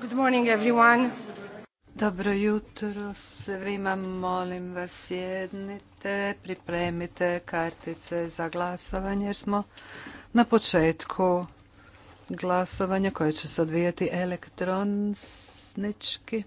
Good Dobro jutro svima, molim vas sjednite, pripremite kartice za glasovanje jer smo na početku glasovanja koje će se odvijati elektronički.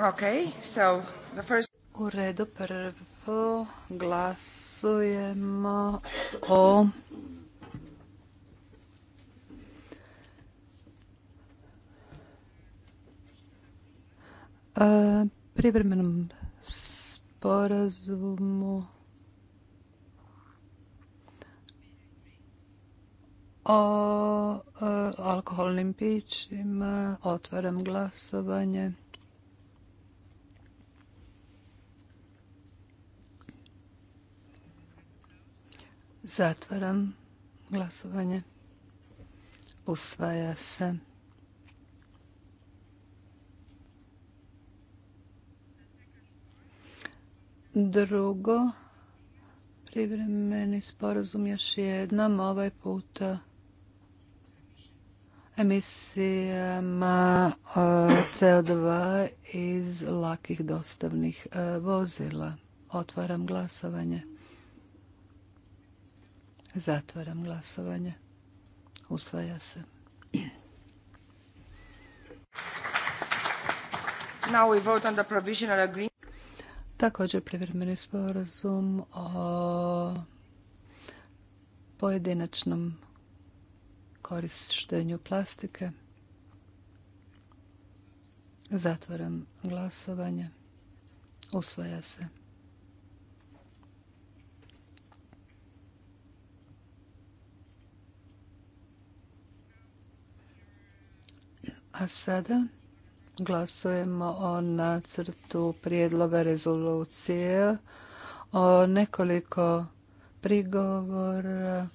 Okay, so the first... U redu prvo glasujemo o e, privremenom sporazumu o e, alkoholnim pićima. Otvaram glasovanje. Zatvaram glasovanje. Usvaja se. Drugo, privremeni sporazum još jednom, ovaj puta emisijama e, CO2 iz lakih dostavnih e, vozila. Otvaram glasovanje. Zatvaram glasovanje. Usvaja se. Također privremeni sporazum o pojedinačnom korištenju plastike. Zatvaram glasovanje. Usvaja se. A sada glasujemo o nacrtu prijedloga rezolucije o nekoliko prigovora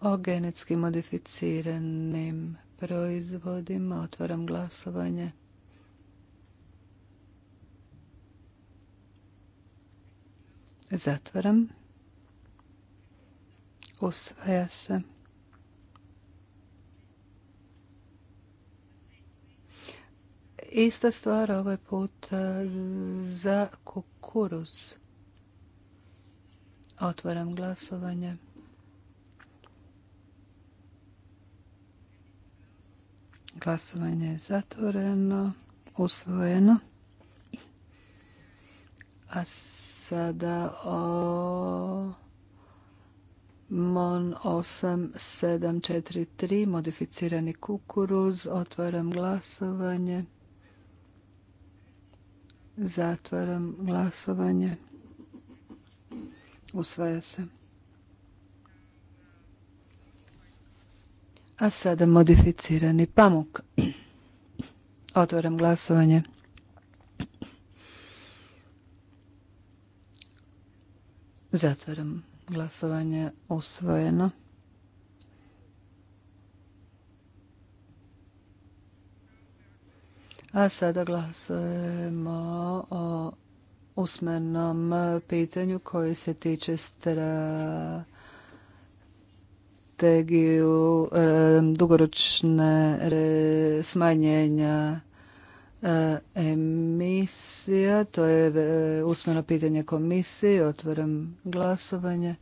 o genetski modificiranim proizvodima. Otvaram glasovanje. Zatvaram. Usvaja se. Ista stvar ovaj put e, za kukuruz. Otvaram glasovanje. Glasovanje je zatvoreno, usvojeno. A sada o MON 8743, modificirani kukuruz, otvaram glasovanje. Zatvaram glasovanje. Usvaja se. A sada modificirani pamuk. Otvaram glasovanje. Zatvaram glasovanje usvojeno. A sada glasujemo o usmenom pitanju koji se tiče strategiju e, dugoročne e, smanjenja e, emisija. To je usmeno pitanje komisiji. Otvaram glasovanje.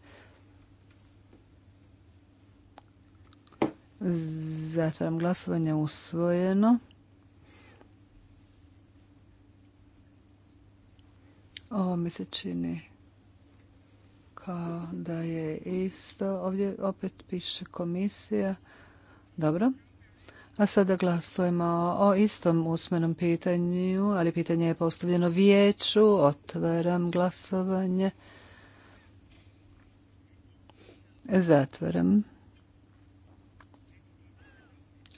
Zatvaram glasovanje usvojeno. Ovo mi se čini kao da je isto. Ovdje opet piše komisija. Dobro. A sada glasujemo o istom usmenom pitanju, ali pitanje je postavljeno vijeću. Otvaram glasovanje. Zatvaram.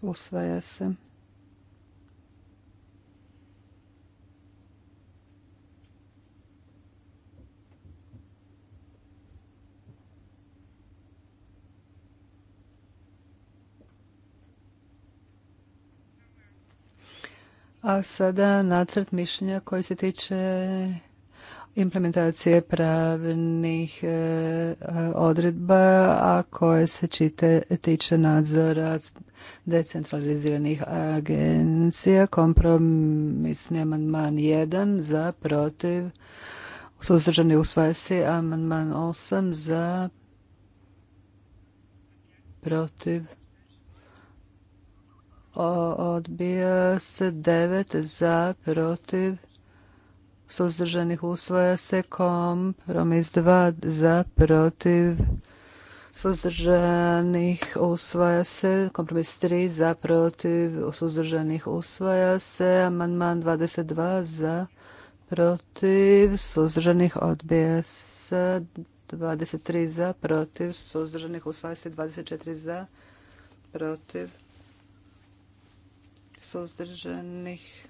Usvaja se. A sada nacrt mišljenja koji se tiče implementacije pravnih e, odredba, a koje se čite, tiče nadzora decentraliziranih agencija. Kompromisni amandman 1 za protiv suzdržani u svesi, amandman 8 za protiv odbija se 9 za protiv suzdržanih usvaja se kompromis 2 za protiv suzdržanih usvaja se kompromis 3 za protiv suzdržanih usvaja se amandman 22 za protiv suzdržanih odbija se 23 za protiv suzdržanih usvaja se 24 za protiv suzdržanih.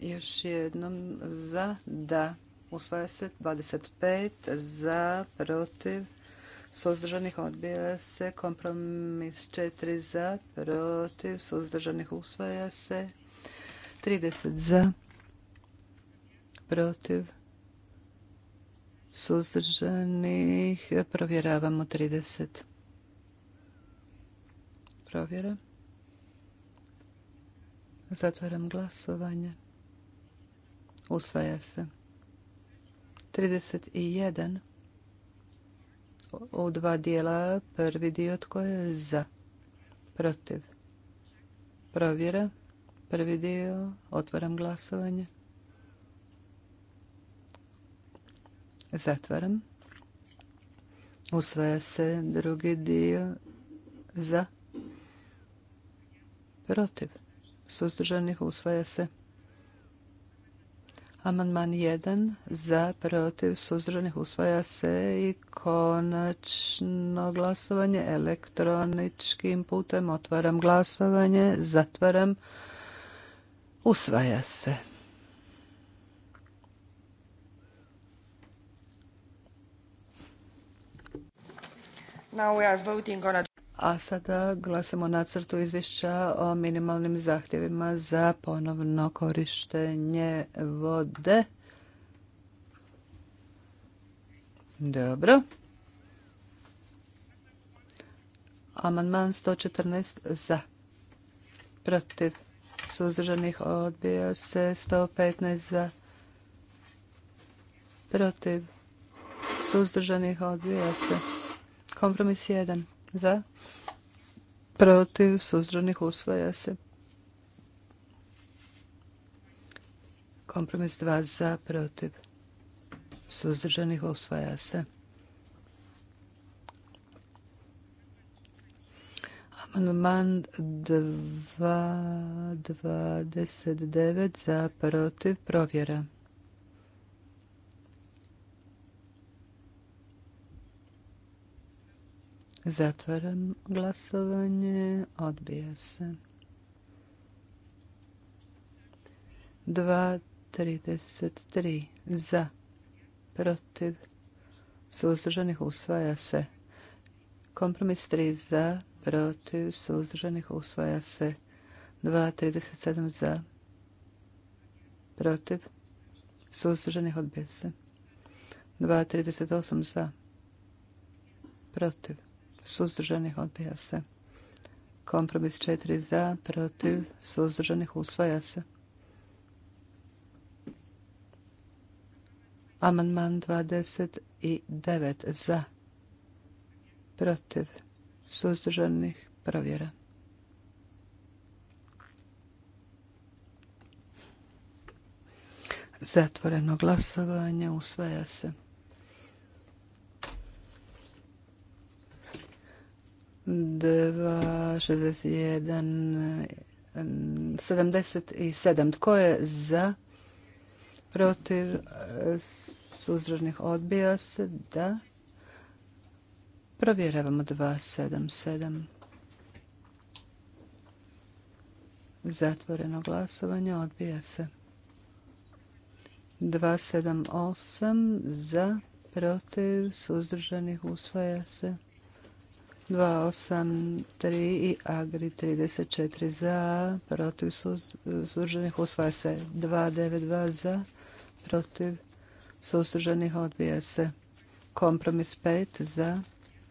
Još jednom za, da. Usvaja se 25 za, protiv, suzdržanih odbija se, kompromis 4 za, protiv, suzdržanih usvaja se, 30 za, protiv, suzdržanih, provjeravamo 30. Provjera. Zatvaram glasovanje. Usvaja se. 31 u dva dijela. Prvi dio tko je za. Protiv. Provjera. Prvi dio. Otvaram glasovanje. Zatvaram. Usvaja se drugi dio za. Protiv suzdržanih usvaja se. Amandman 1 za protiv suzdržanih usvaja se i konačno glasovanje elektroničkim putem. Otvaram glasovanje, zatvaram, usvaja se. Now we are voting on a a sada glasamo nacrtu izvješća o minimalnim zahtjevima za ponovno korištenje vode. Dobro. Amandman 114 za. Protiv suzdržanih odbija se 115 za. Protiv suzdržanih odbija se. Kompromis 1 za, protiv, suzdržanih, usvaja se. Kompromis 2 za, protiv, suzdržanih, usvaja se. Amandman 2.29 za protiv provjera. Zatvaram glasovanje. Odbija se. 2.33 za. Protiv. Suzdržanih usvaja se. Kompromis 3 za. Protiv. Suzdržanih usvaja se. 2.37 za. Protiv. Suzdržanih odbija se. 2.38 za. Protiv suzdržanih odbija se. Kompromis četiri za, protiv, suzdržanih usvaja se. Amandman 29 za, protiv, suzdržanih provjera. Zatvoreno glasovanje usvaja se. 2, 77. Tko je za? Protiv suzdržanih odbija se? Da. Provjeravamo 277. Zatvoreno glasovanje odbija se. 278 za, protiv, suzdržanih usvaja se. 283 i Agri 34 za, protiv suzdržanih usvaja se 292 za, protiv suzdržanih odbija se. Kompromis 5 za,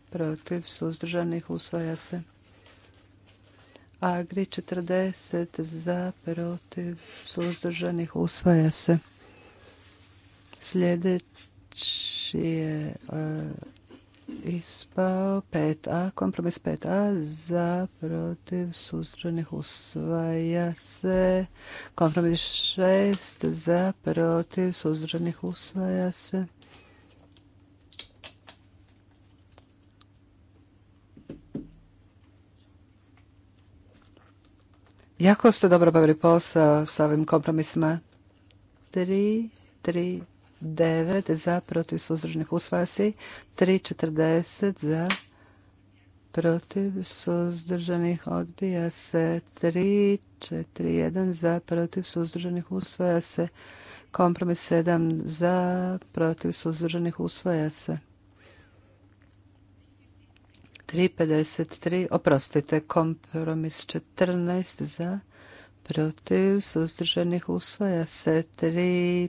protiv suzdržanih usvaja se. Agri 40 za, protiv suzdržanih usvaja se. Sljedeći je ispao 5a, kompromis 5a za protiv suzdržanih usvaja se. Kompromis 6 za protiv suzdržanih usvaja se. Jako ste dobro bavili posao sa ovim kompromisima. 3, 3, 9 za protiv suzdržnih usvaja se. 3.40 za protiv suzdržanih odbija se. 3.41 za protiv suzdržanih usvaja se. Kompromis 7 za protiv suzdržanih usvaja se. 3.53, oprostite, kompromis 14 za protiv suzdržanih usvaja se. 3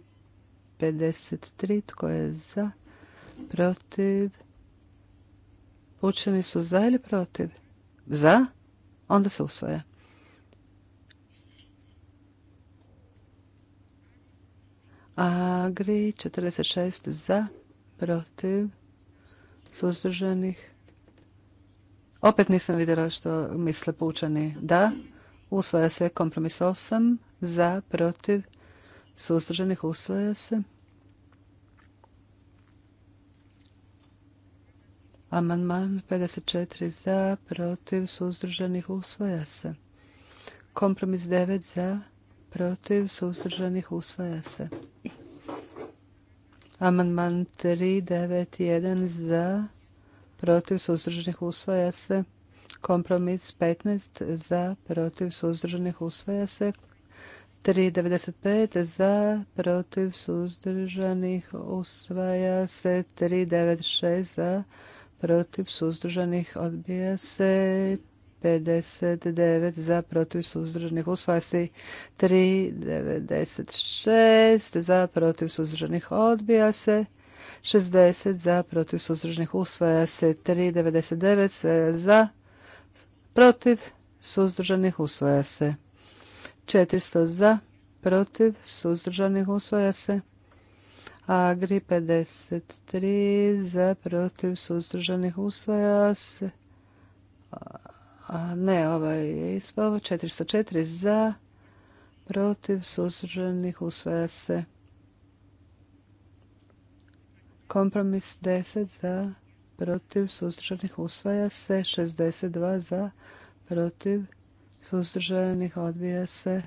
53. Tko je za? Protiv? Pučani su za ili protiv? Za? Onda se usvaja. Agri 46 za, protiv, suzdržanih. Opet nisam vidjela što misle pučani. Da, usvaja se kompromis 8 za, protiv, suzdržanih usvaja se. Amandman 54 za, protiv, suzdržanih usvaja se. Kompromis 9 za, protiv, suzdržanih usvaja se. Amandman 391 za, protiv, suzdržanih usvaja se. Kompromis 15 za, protiv, suzdržanih usvaja se. 395 za, protiv suzdržanih usvaja se 396 za, protiv suzdržanih odbija se 59 za, protiv suzdržanih usvaja se 396 za, protiv suzdržanih odbija se 60 za, protiv suzdržanih usvaja se 399 za, protiv suzdržanih usvaja se 400 za, protiv, suzdržanih usvaja se. Agri 53 za, protiv, suzdržanih usvaja se. A, ne, ovaj je ispao. 404 za, protiv, suzdržanih usvaja se. Kompromis 10 za, protiv, suzdržanih usvaja se. 62 za, protiv, suzdržanih odbija se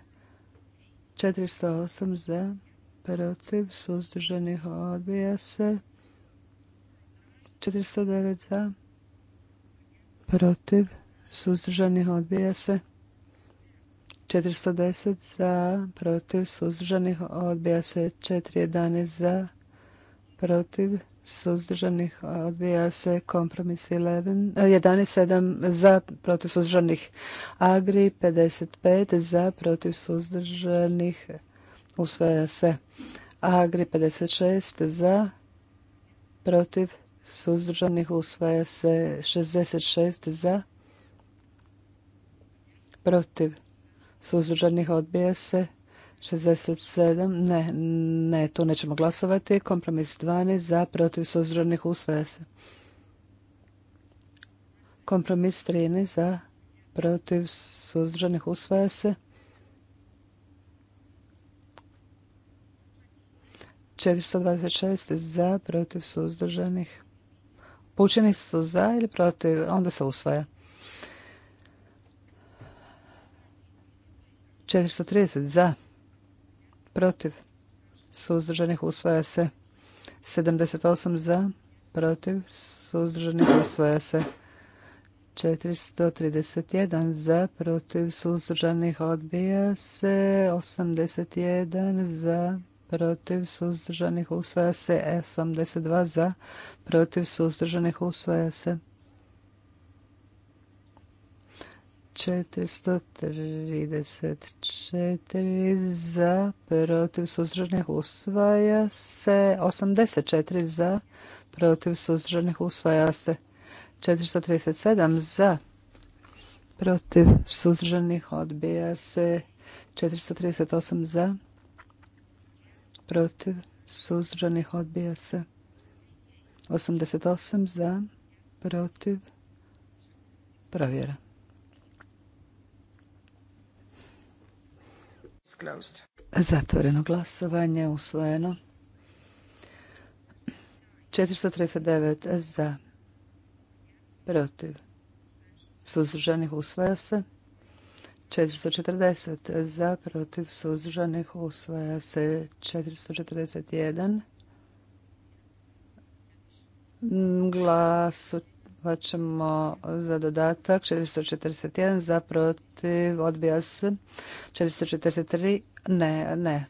408 za protiv suzdržanih odbija se 409 za protiv suzdržanih odbija se 410 za protiv suzdržanih odbija se 411 za protiv suzdržanih odbija se kompromis 11, 11.7. E, za protiv suzdržanih agri 55 za protiv suzdržanih usvaja se agri 56 za protiv suzdržanih usvaja se 66 za protiv suzdržanih odbija se 67, ne, ne, tu nećemo glasovati. Kompromis 12, za, protiv, suzdržanih, usvaja se. Kompromis 13, za, protiv, suzdržanih, usvaja se. 426 za, protiv, suzdržanih. Pučenih su za ili protiv, onda se usvaja. 430 za, protiv, suzdržanih usvaja se. 78 za, protiv, suzdržanih usvaja se. 431 za, protiv, suzdržanih odbija se. 81 za, protiv, suzdržanih usvaja se. 82 za, protiv, suzdržanih usvaja se. 434 za, protiv suzdržanih usvaja se. 84 za, protiv suzdržanih usvaja se. 437 za, protiv suzdržanih odbija se. 438 za, protiv suzdržanih odbija se. 88 za, protiv provjera. Zatvoreno glasovanje, usvojeno. 439 za, protiv, suzdržanih usvaja se. 440 za, protiv, suzdržanih usvaja se. 441 glasu pa ćemo za dodatak 441 za protiv odbija se 443 ne ne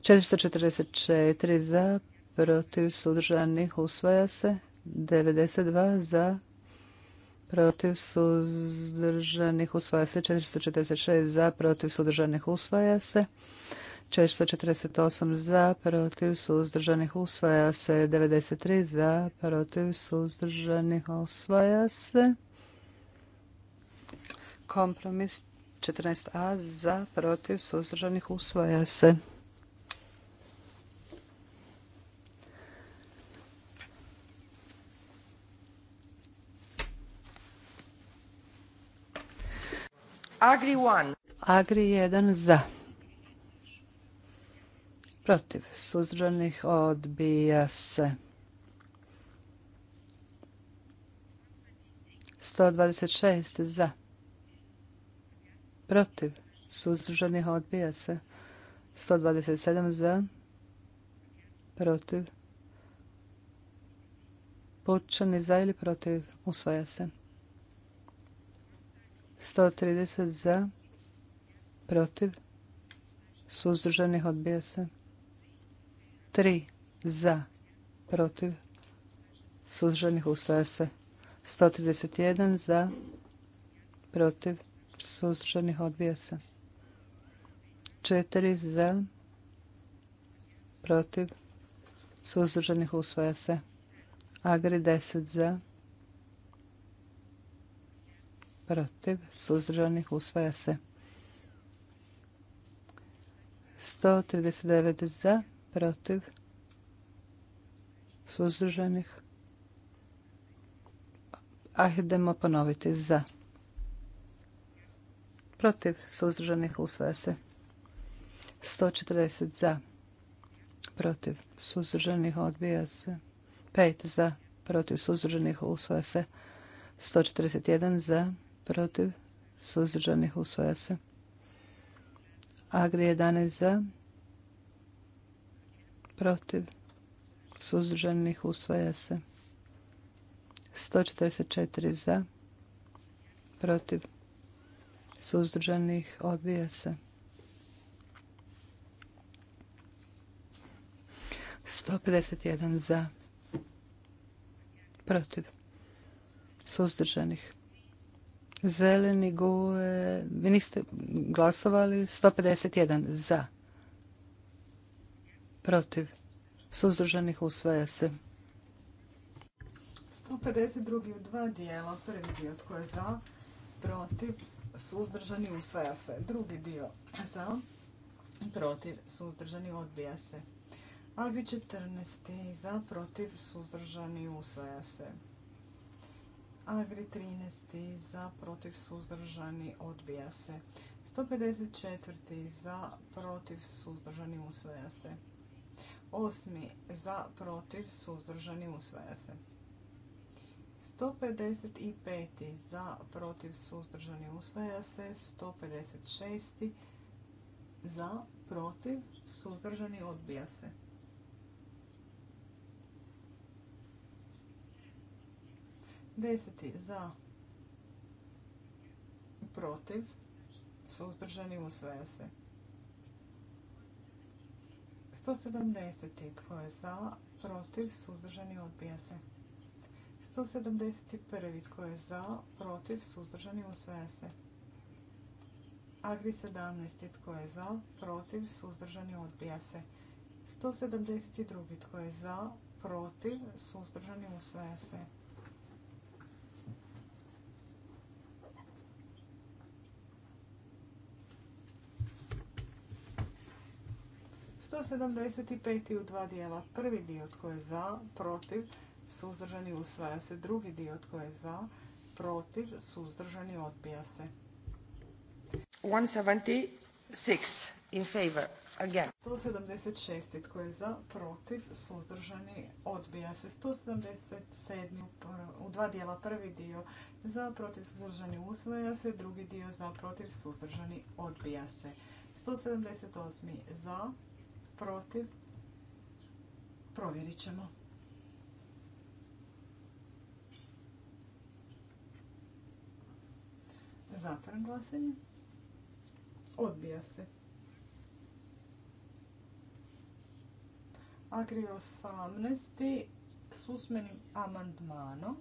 444 za protiv sudržanih usvaja se 92 za protiv suzdržanih usvaja se 446 za protiv sudržanih usvaja se 448 za, protiv suzdržanih usvaja se. 93 za, protiv suzdržanih usvaja se. Kompromis 14a za, protiv suzdržanih usvaja se. Agri 1. Agri 1 za protiv suzdržanih odbija se. 126 za, protiv suzdržanih odbija se. 127 za, protiv. Pučani za ili protiv usvaja se. 130 za, protiv suzdržanih odbija se. 3 za, protiv, suzdržanih usvaja se. 131 za, protiv, suzdržanih odbija se. 4 za, protiv, suzdržanih usvaja se. Agri 10 za, protiv, suzdržanih usvaja se. 139 za, protiv, suzdržanih. A idemo ponoviti za. Protiv suzdržanih usvaja se. 140 za. Protiv suzdržanih odbija se. 5 za. Protiv suzdržanih usvaja se. 141 za. Protiv suzdržanih usvaja se. Agri 11 za protiv, suzdržanih usvaja se. 144 za, protiv, suzdržanih odbija se. 151 za, protiv, suzdržanih. Zeleni guve... vi niste glasovali, 151 za, protiv, suzdržanih usvaja se. 152. u dva dijela, prvi dio tko je za, protiv, suzdržani usvaja se. Drugi dio za, protiv, suzdržani odbija se. Agri 14. za, protiv, suzdržani usvaja se. Agri 13. za, protiv, suzdržani odbija se. 154. za, protiv, suzdržani usvaja se. Osmi za protiv suzdržani usvaja se. 155. za protiv suzdržani usvaja se. 156. za protiv suzdržani odbija se. Deseti za protiv suzdržani usvaja se. 170. Tko je za? Protiv? Suzdržani? Odbija se. 171. Tko je za? Protiv? Suzdržani? Usvaja se. Agri 17. Tko je za? Protiv? Suzdržani? Odbija se. 172. Tko je za? Protiv? Suzdržani? Usvaja se. 175. u dva dijela. Prvi dio tko je za, protiv, suzdržani usvaja se. Drugi dio tko je za, protiv, suzdržani odbija se. 176 in favor. 176. Tko je za, protiv, suzdržani, odbija se. 177. U dva dijela prvi dio za, protiv, suzdržani, usvaja se. Drugi dio za, protiv, suzdržani, odbija se. 178. Za, protiv, provjerit ćemo. Zatvaram glasanje. Odbija se. Agri 18. s usmenim amandmanom.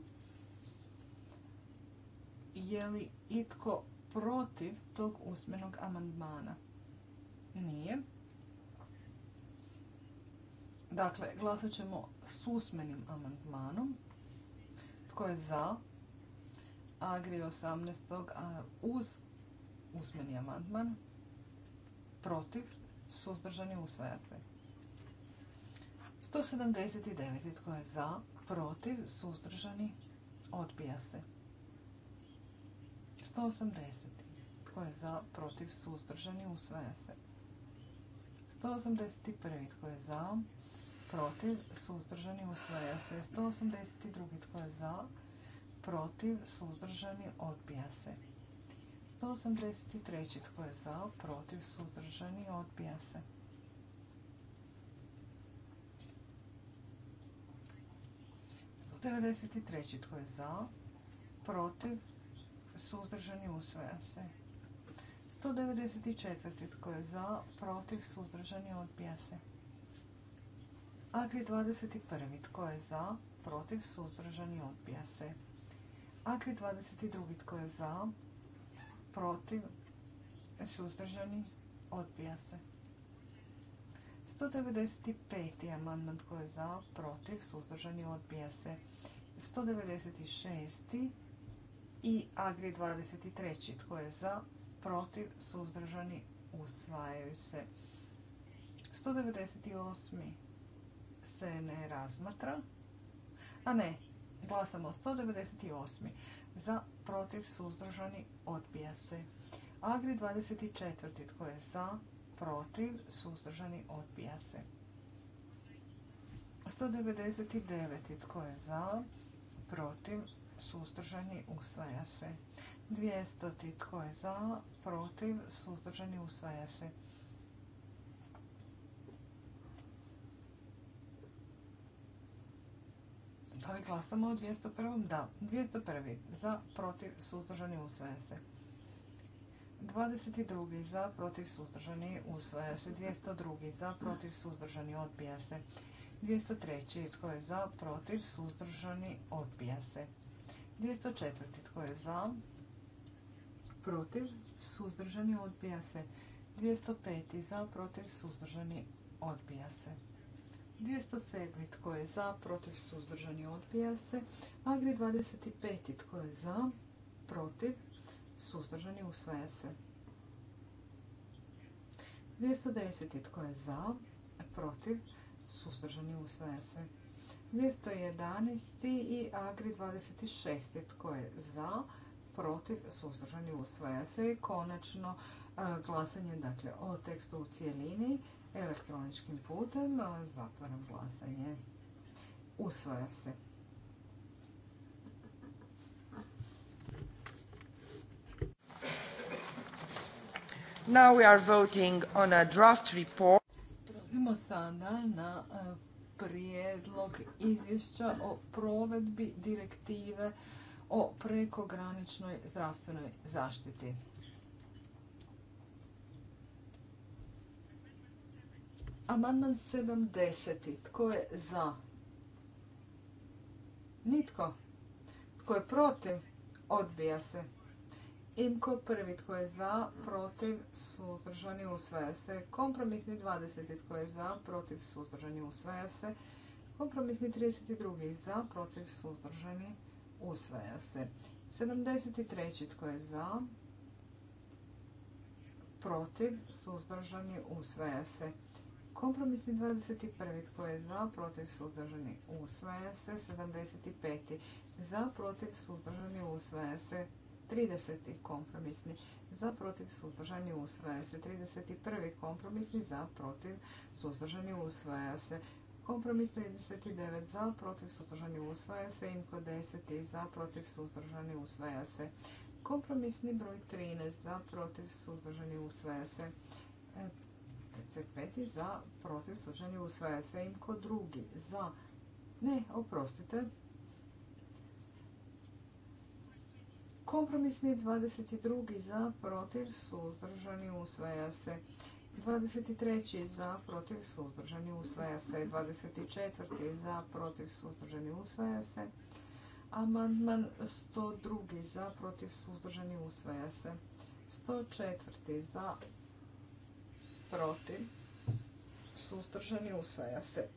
Je li itko protiv tog usmenog amandmana? Nije. Dakle, glasat ćemo s usmenim amandmanom. Tko je za? Agri 18. A uz usmeni amandman. Protiv. Suzdržani usvaja se. 179. Tko je za? Protiv. Suzdržani odbija se. 180. Tko je za? Protiv. Suzdržani usvaja se. 181. Tko je za? protiv, suzdržani, usvaja se. 182. tko je za, protiv, suzdržani, odbija se. 183. tko je za, protiv, suzdržani, odbija se. 193. tko je za, protiv, suzdržani, usvaja se. 194. tko je za, protiv, suzdržani, odbija se. Agri 21. Tko je za? Protiv. Suzdržani. Odbija se. Agri 22. Tko je za? Protiv. Suzdržani. Odbija se. 195. amandman tko je za, protiv, suzdržani, odbija se. 196. i Agri 23. tko je za, protiv, suzdržani, usvajaju se. 198 se ne razmatra. A ne, glasamo 198. Za, protiv, suzdržani, odbija se. Agri 24. Tko je za, protiv, suzdržani, odbija se. 199. Tko je za, protiv, suzdržani, usvaja se. 200. Tko je za, protiv, suzdržani, usvaja se. Dakle, glasamo u 201. Da. 201. Za, protiv, suzdržani, usvaja se. 22. Za, protiv, suzdržani, usvaja se. 202. Za, protiv, suzdržani, odbija se. 203. Tko je za, protiv, suzdržani, odbija se. 204. Tko je za, protiv, suzdržani, odbija se. 205. Za, protiv, suzdržani, odbija se. 207. Tko je za? Protiv suzdržani odbija se. Agri 25. Tko je za? Protiv suzdržani usvaja se. 210. Tko je za? Protiv suzdržani usvaja se. 211. i Agri 26. Tko je za? Protiv suzdržani usvaja se. I konačno e, glasanje dakle, o tekstu u cijelini elektroničkim putem. Zatvaram glasanje. Usvaja se. Now we are voting on a draft report. sada na e, prijedlog izvješća o provedbi direktive o prekograničnoj zdravstvenoj zaštiti. Amandman 70. Tko je za? Nitko. Tko je protiv? Odbija se. Imko prvi. Tko je za? Protiv? Suzdržani? Usvaja se. Kompromisni 20. Tko je za? Protiv? Suzdržani? Usvaja se. Kompromisni 32. Za? Protiv? Suzdržani? Usvaja se. 73. Tko je za? Protiv? Suzdržani? Usvaja se. Kompromisni 21. Tko je za, protiv, suzdržani, usvaja se. 75. Za, protiv, suzdržani, usvaja se. 30. Kompromisni za, protiv, suzdržani, usvaja se. 31. Kompromisni za, protiv, suzdržani, usvaja se. Kompromis 39 za, protiv suzdržani usvaja se. Imko 10 za, protiv suzdržani usvaja se. Kompromisni broj 13 za, protiv suzdržani usvaja se. 35. za, protiv, suženi, usvaja se ko drugi za, ne, oprostite, Kompromisni 22. za, protiv, suzdržani, usvaja se. 23. za, protiv, suzdržani, usvaja se. 24. za, protiv, suzdržani, usvaja se. Amandman 102. za, protiv, suzdržani, usvaja se. 104. za, protiv, suzdržani, usvaja se.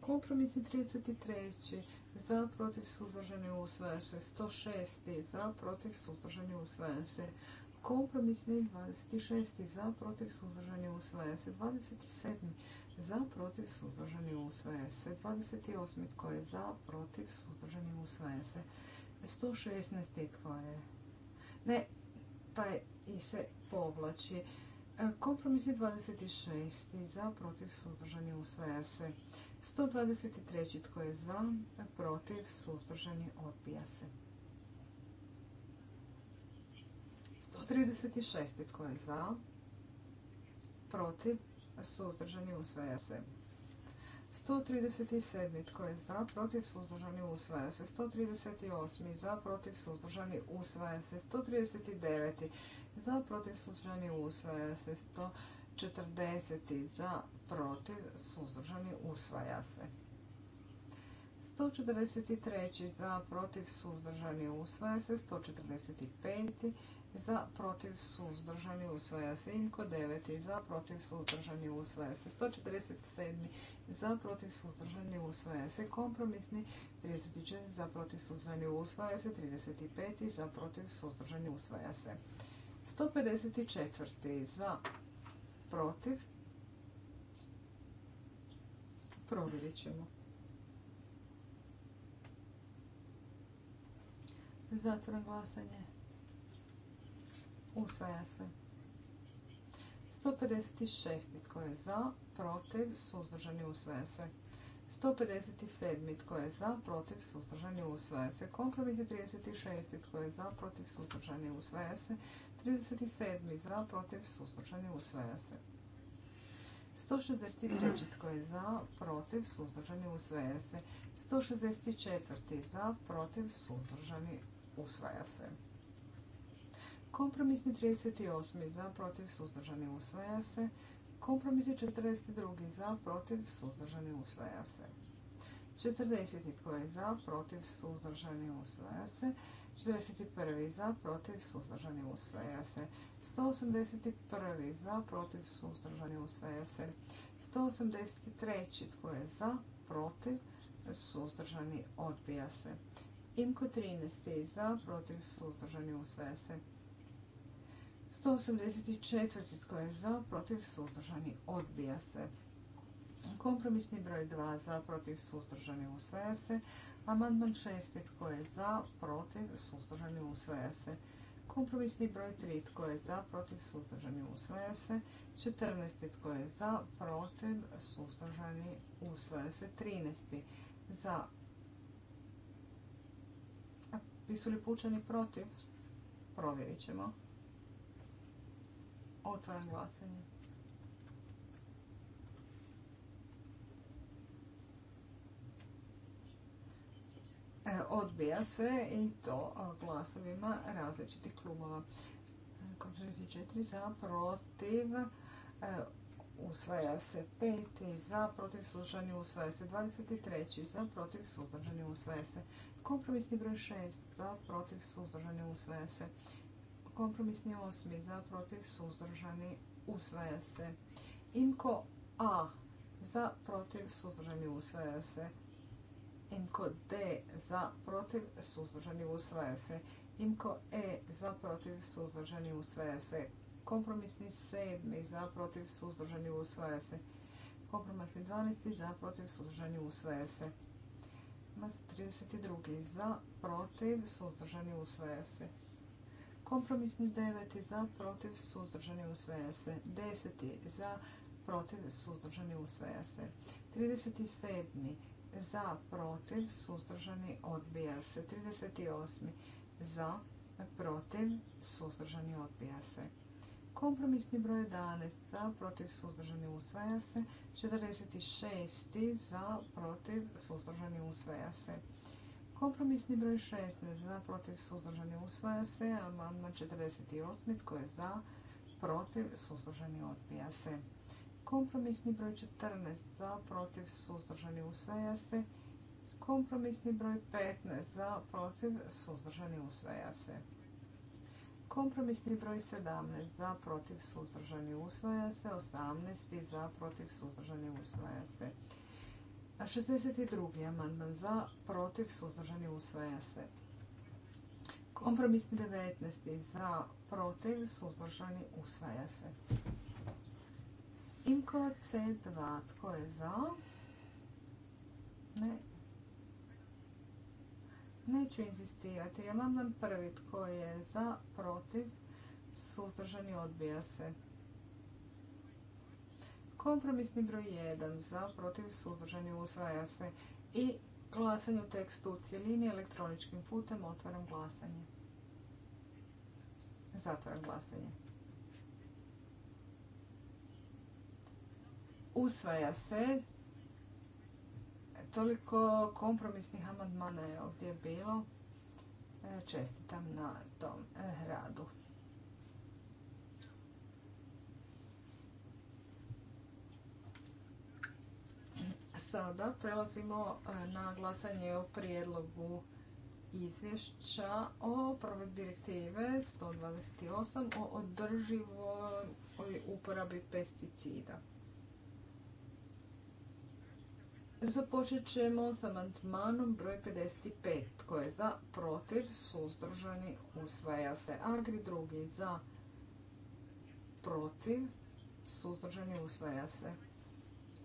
Kompromisni 33. Za, protiv, suzdržani, usvaja se. 106. Za, protiv, suzdržani, usvaja se. Kompromisni 26. Za, protiv, suzdržani, usvaja se. 27. Za, protiv, suzdržani, usvaja se. 28. Tko je za, protiv, suzdržani, usvaja se. 116. Tko je... Ne, taj i se povlači. Kompromis je 26. Za, protiv, suzdržani, usvaja se. 123. Tko je za, protiv, suzdržani, odbija se. 136. Tko je za, protiv, suzdržani, usvaja se. 137. Tko je za? Protiv suzdržani usvaja se. 138. Za protiv suzdržani usvaja se. 139. Za protiv suzdržani usvaja se. 140. Za protiv suzdržani usvaja se. 143. Za protiv suzdržani usvaja se. 145 za protiv suzdržani usvaja se. Inko 9 za protiv suzdržani usvaja se. 147 za protiv suzdržani usvaja se. Kompromisni 34 za protiv suzdržani usvaja se. 35 za protiv suzdržani usvaja se. 154 za protiv. Provjerit ćemo. Zatvoram glasanje. Usvaja se. 156. Tko je za? Protiv. Suzdržani. Usvaja se. 157. Tko je za? Protiv. Suzdržani. Usvaja se. Kompromis je 36. Tko je za? Protiv. Suzdržani. Usvaja se. 37. Za? Protiv. Suzdržani. Usvaja se. 163. Tko je za? Protiv. Suzdržani. Usvaja se. 164. Za? Protiv. Suzdržani. Usvaja se. Kompromisni 38. za, protiv, suzdržani, usvaja se. Kompromisni 42. za, protiv, suzdržani, usvaja se. 40. tko je za, protiv, suzdržani, usvaja se. 41. za, protiv, suzdržani, usvaja se. 181. za, protiv, suzdržani, usvaja se. 183. tko je za, protiv, suzdržani, odbija se. Imko 13. za, protiv, suzdržani, usvaja se. 184. tko je za, protiv, suzdržani, odbija se. Kompromisni broj 2 za, protiv, suzdržani, usvaja se. Amandman 6. tko je za, protiv, suzdržani, usvaja se. Kompromisni broj 3. Tko je za, protiv, suzdržani, usvaja se. 14. Tko je za, protiv, suzdržani, usvaja se. 13. Za. Jesu li pučani protiv? Provjerit ćemo. Otvaram glasanje. E, odbija se i to glasovima različitih klubova. Kompromis četiri za, protiv, e, usvaja se Peti za, protiv, suzdržani, usvaja se 23, za, protiv, suzdržani, usvaja se kompromisni broj 6, za, protiv, suzdržani, usvaja se Kompromisni osmi za protiv suzdržani usvaja se. Imko A za protiv suzdržani usvaja se. Imko D za protiv suzdržani usvaja se. Imko E za protiv suzdržani usvaja se. Kompromisni sedmi za protiv suzdržani usvaja se. Kompromisni 12 za protiv suzdržani usvaja se. 32 za protiv suzdržani usvaja se. Kompromisni 9. za, protiv, suzdržani, usvaja se. 10. za, protiv, suzdržani, usvaja se. 37. za, protiv, suzdržani, odbija se. 38. za, protiv, suzdržani, odbija se. Kompromisni broj 11 za, protiv, suzdržani, usvaja se. 46. za, protiv, suzdržani, usvaja se. Kompromisni broj 16 za protiv suzdržani usvaja se. Amandman 48 tko je za protiv suzdržani odbija se. Kompromisni broj 14 za protiv suzdržani usvaja se. Kompromisni broj 15 za protiv suzdržani usvaja se. Kompromisni broj 17 za protiv suzdržani usvaja se. 18 za protiv suzdržani usvaja se. 62. amandman za, protiv, suzdržani, usvaja se. Kompromis 19. za, protiv, suzdržani, usvaja se. Imko C2, tko je za? Ne. Neću inzistirati. Amandman prvi, tko je za, protiv, suzdržani, odbija se. Kompromisni broj 1 za protiv suzdržani usvaja se i glasanje u tekstu u cijelini elektroničkim putem otvaram glasanje. Zatvaram glasanje. Usvaja se. Toliko kompromisnih amandmana je ovdje bilo. E, čestitam na tom e, radu. sada prelazimo e, na glasanje o prijedlogu izvješća o provedbi direktive 128 o održivoj uporabi pesticida. Započet ćemo s amantmanom broj 55, koje je za, protiv, suzdržani, usvaja se. Agri drugi za, protiv, suzdržani, usvaja se.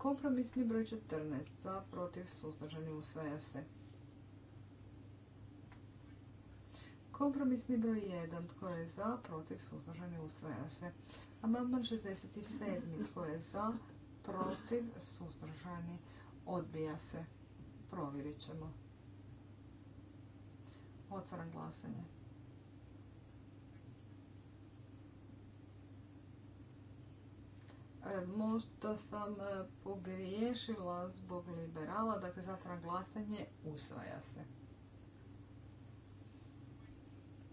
Kompromisni broj 14 za protiv suzdržani usvaja se. Kompromisni broj 1 tko je za protiv suzdržani usvaja se. Amandman 67 tko je za protiv suzdržani odbija se. Provjerit ćemo. Otvaram glasanje. E, možda sam e, pogriješila zbog liberala, dakle zatvoram glasanje, usvaja se.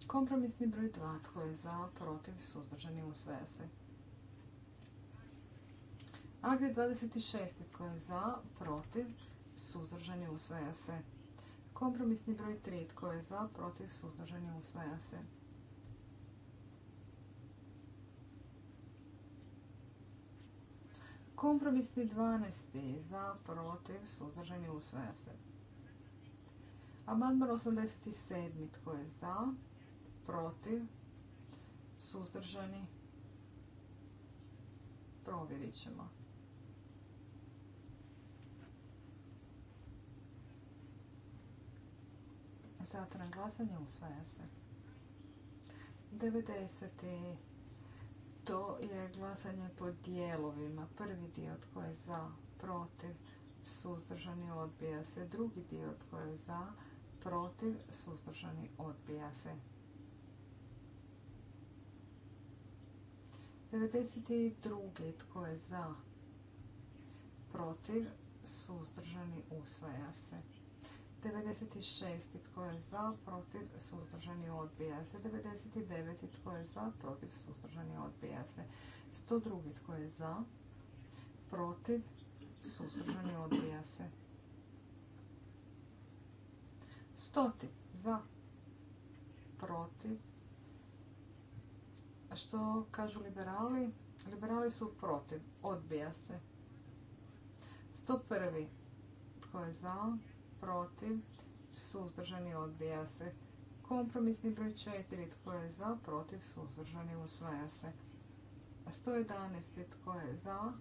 Kompromisni broj 2, tko je za, protiv, suzdržani, usvaja se. Agri 26, tko je za, protiv, suzdržani, usvaja se. Kompromisni broj 3, tko je za, protiv, suzdržani, usvaja se. Kompromisni 12. za, protiv, suzdržani, usvaja se. Amandman 87. tko je za, protiv, suzdržani, provjerit ćemo. Zatran glasanje usvaja se. 90. To je glasanje po dijelovima. Prvi dio tko je za, protiv, suzdržani odbija se. Drugi dio tko je za, protiv, suzdržani odbija se. 92. Tko je za? Protiv? Suzdržani usvaja se. 96. Tko je za, protiv, suzdržani, odbija se. 99. Tko je za, protiv, suzdržani, odbija se. 102. Tko je za, protiv, suzdržani, odbija se. 100. Za, protiv. Što kažu liberali? Liberali su protiv. Odbija se. 101. Tko je za, protiv, suzdržani odbija se. Kompromisni broj 4, tko je za, protiv, suzdržani usvaja se. 111, tko je za,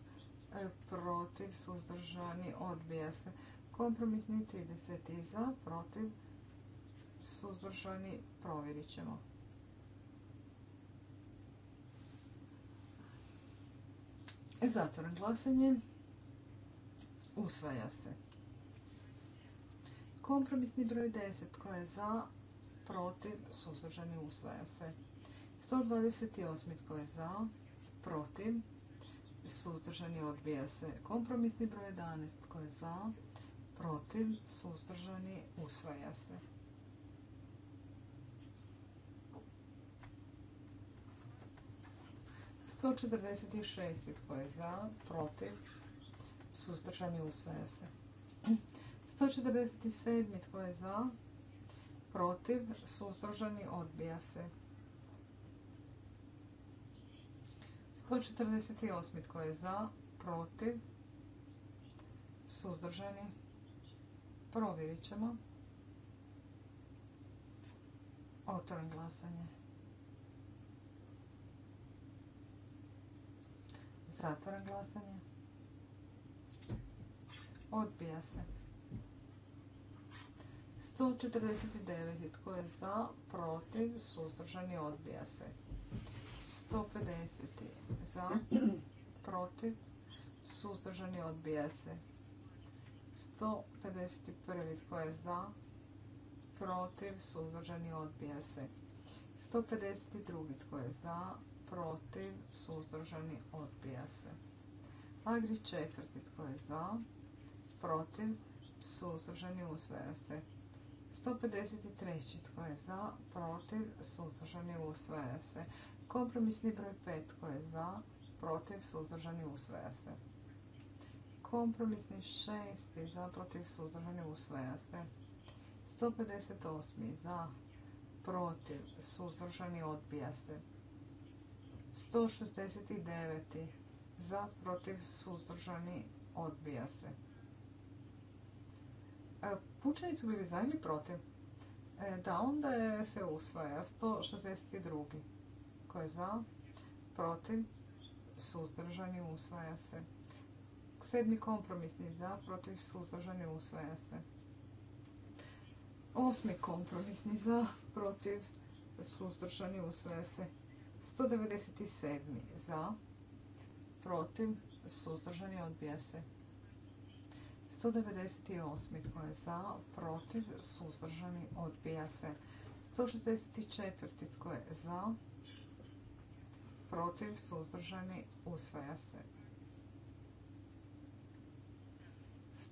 e, protiv, suzdržani odbija se. Kompromisni 30 za, protiv, suzdržani provjerit ćemo. Zatvoren glasanje. Usvaja se. Kompromisni broj 10 koji je za, protiv, suzdržani usvaja se. 128 tko je za, protiv, suzdržani odbija se. Kompromisni broj 11 tko je za, protiv, suzdržani usvaja se. Sto četrdeset šest tko je za, protiv, suzdržani usvaja se. 147. Tko je za? Protiv. Suzdržani. Odbija se. 148. Tko je za? Protiv. Suzdržani. Provjerit ćemo. Otvoren glasanje. Zatvoren glasanje. Odbija se. 149. Tko je za? Protiv? Suzdržani? Odbija se. 150. Za? Protiv? Suzdržani? Odbija se. 151. Tko je za? Protiv? Suzdržani? Odbija se. 152. Tko je za? Protiv? Suzdržani? Odbija se. Agri četvrti. Tko je za? Protiv? Suzdržani? Usvaja se. 153. Tko je za? Protiv? Suzdržani? Usvaja se. Kompromisni broj 5. Tko je za? Protiv? Suzdržani? Usvaja se. Kompromisni 6. Za? Protiv? Suzdržani? Usvaja se. 158. Za? Protiv? Suzdržani? Odbija se. 169. Za? Protiv? Suzdržani? Odbija se e, Pučani su bili za ili protiv? E, da, onda se usvaja. 162. koji je za? Protiv? Suzdržani usvaja se. Sedmi kompromisni za, protiv suzdržani usvaja se. Osmi kompromisni za, protiv suzdržani usvaja se. 197. za, protiv suzdržani odbija se. 198. Tko je za? Protiv? Suzdržani? Odbija se. 164. Tko je za? Protiv? Suzdržani? Usvaja se.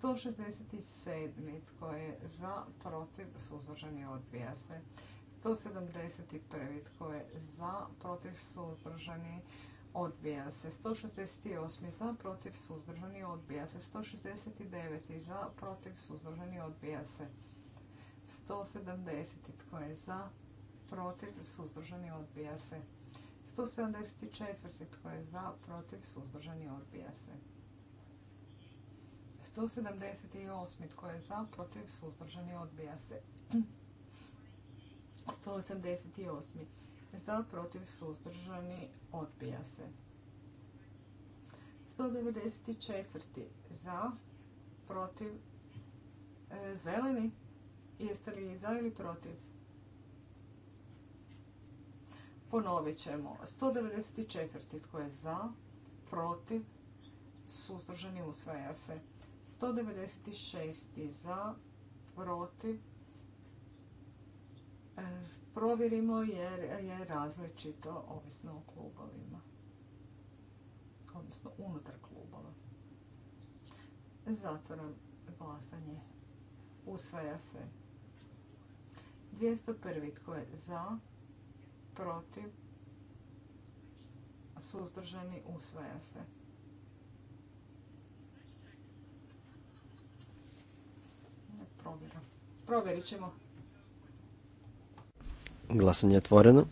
167. Tko je za? Protiv? Suzdržani? Odbija se. 171. Tko je za? Protiv? Suzdržani? Odbija se odbija se. 168. za, protiv, suzdržani, odbija se. 169. za, protiv, suzdržani, odbija se. 170. tko je za, protiv, suzdržani, odbija se. 174. tko je za, protiv, suzdržani, odbija se. 178. tko je za, protiv, suzdržani, odbija se. 188. za protiv suzdržani odbija se. 194. za protiv e, zeleni. Jeste li za ili protiv? Ponovit ćemo. 194. tko je za, protiv, suzdržani usvaja se. 196. za, protiv, e, provjerimo jer je različito ovisno o klubovima. Odnosno unutar klubova. Zatvoram glasanje. Usvaja se. 201. Tko je za? Protiv? Suzdržani? Usvaja se. Provjerit ćemo. Glasanje je otvoreno.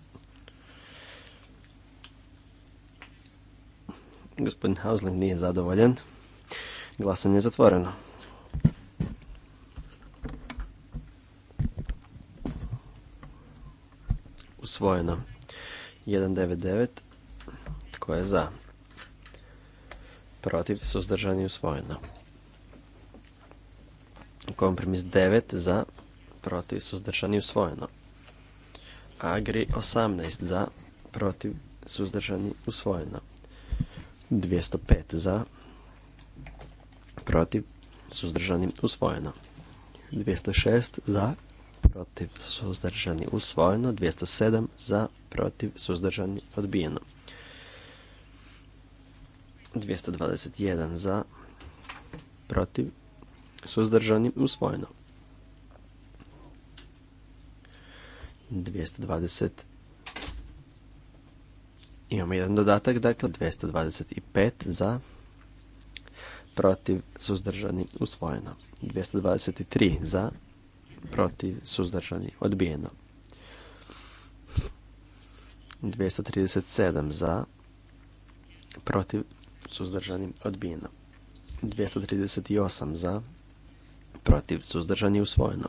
Gospodin Hausling nije zadovoljan. Glasanje je zatvoreno. Usvojeno. 199. Tko je za? Protiv, suzdržani, usvojeno. Kompromis 9 za, protiv, suzdržani, usvojeno. Agri 18 za, protiv, suzdržani, usvojeno. 205 za, protiv, suzdržani, usvojeno. 206 za, protiv, suzdržani, usvojeno. 207 za, protiv, suzdržani, odbijeno. 221 za, protiv, suzdržani, usvojeno. 220. Imamo jedan dodatak, dakle 225 za, protiv, suzdržani, usvojeno. 223 za, protiv, suzdržani, odbijeno. 237 za, protiv, suzdržani, odbijeno. 238 za, protiv, suzdržani, usvojeno.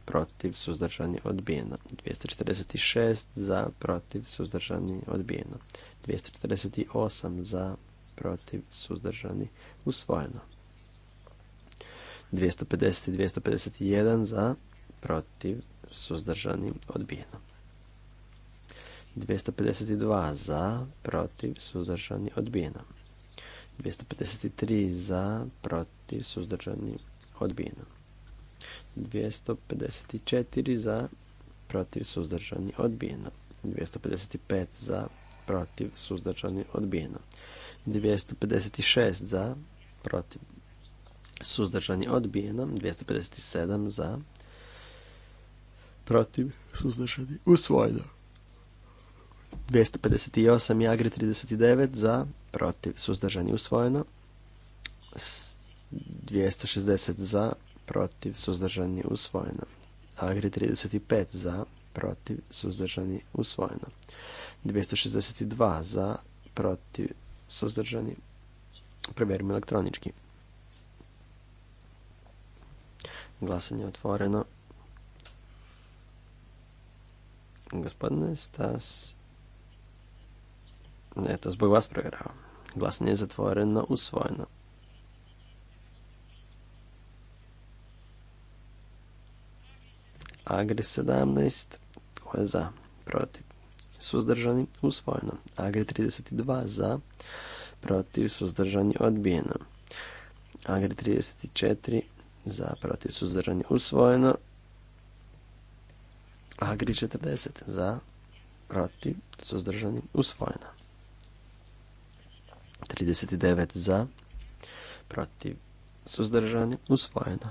protiv, suzdržani, odbijeno. 246 za, protiv, suzdržani, odbijeno. 248 za, protiv, suzdržani, usvojeno. 250 i 251 za, protiv, suzdržani, odbijeno. 252 za, protiv, suzdržani, odbijeno. 253 za, protiv, suzdržani, odbijeno. 254 za, protiv, suzdržani, odbijeno. 255 za, protiv, suzdržani, odbijeno. 256 za, protiv, suzdržani, odbijeno. 257 za, protiv, suzdržani, usvojeno. 258 i Agri 39 za, protiv, suzdržani, usvojeno. 260 za, protiv, suzdržani, usvojeno. Agri 35 za, protiv, suzdržani, usvojeno. 262 za, protiv, suzdržani, Preverimo elektronički. Glasanje otvoreno. Gospodine Stas, eto, zbog vas provjeravam. Glasanje je zatvoreno, usvojeno. Agri 17, tko je za, protiv, suzdržani, usvojeno. Agri 32 za, protiv, suzdržani, odbijeno. Agri 34 za, protiv, suzdržani, usvojeno. Agri 40 za, protiv, suzdržani, usvojeno. 39 za, protiv, suzdržani, usvojeno.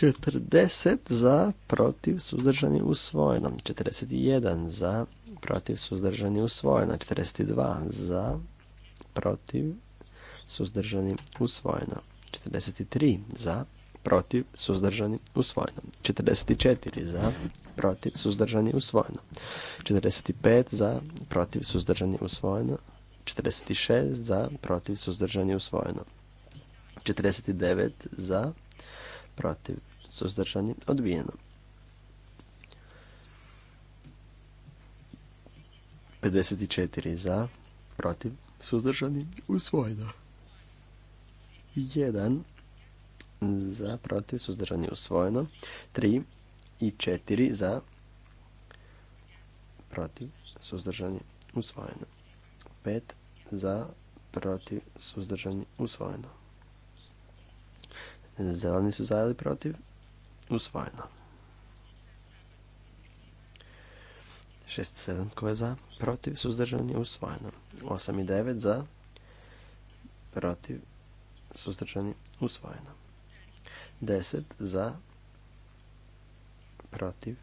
40 za, protiv, suzdržani, usvojeno. 41 za, protiv, suzdržani, usvojeno. 42 za, protiv, suzdržani, usvojeno. 43 za, protiv, suzdržani, usvojeno. 44 za, protiv, suzdržani, usvojeno. 45 za, protiv, suzdržani, usvojeno. 46 za, protiv, suzdržani, usvojeno. 49 za, protiv, suzdržani, odbijeno. 54 za, protiv, suzdržani, usvojeno. 1 za, protiv, suzdržani, usvojeno. 3 i 4 za, protiv, suzdržani, usvojeno. 5 za, protiv, suzdržani, usvojeno. Zeleni su zajeli protiv, Usvojeno. 6 i koje za, protiv, suzdržan je usvojeno. 8 i 9 za, protiv, suzdržan je usvojeno. 10 za, protiv,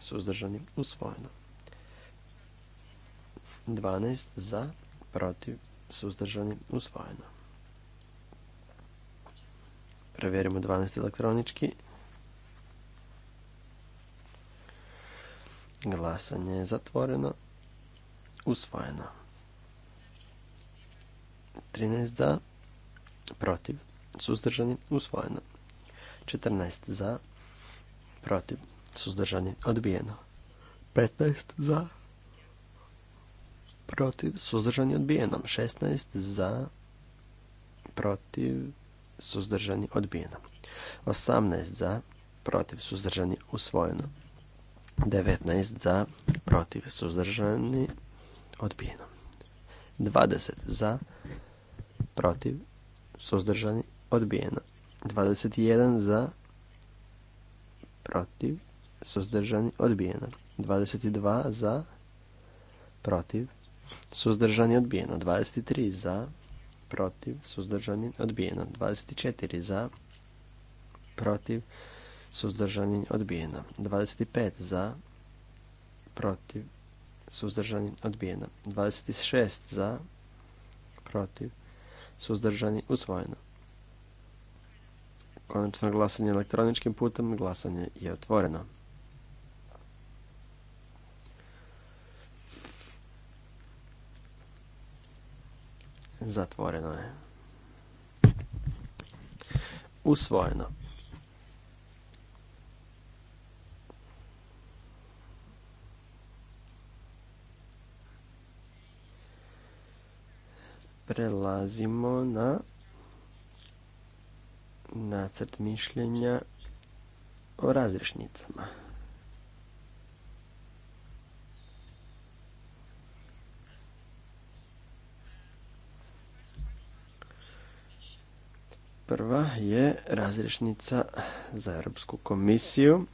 suzdržan je usvojeno. 12 za, protiv, suzdržan je usvojeno. Provjerimo 12 elektronički. Glasanje je zatvoreno. Usvojeno. 13 za. Protiv. Suzdržani. Usvojeno. 14 za. Protiv. Suzdržani. Odbijeno. 15 za. Protiv. Suzdržani. Odbijeno. 16 za. Protiv. Suzdržani. Odbijeno. 18 za. Protiv. Suzdržani. Usvojeno. 19 za, protiv, suzdržani, odbijeno. 20 za, protiv, suzdržani, odbijeno. 21 za, protiv, suzdržani, odbijeno. 22 za, protiv, suzdržani, odbijeno. 23 za, protiv, suzdržani, odbijeno. 24 za, protiv, suzdržani, odbijeno suzdržani, odbijeno. 25 za, protiv, suzdržani, odbijeno. 26 za, protiv, suzdržani, usvojeno. Konačno glasanje elektroničkim putem, glasanje je otvoreno. Zatvoreno je. Usvojeno. Prelazimo na nacrt mišljenja o razrešnicama. Prva je razrešnica za Europsku komisiju.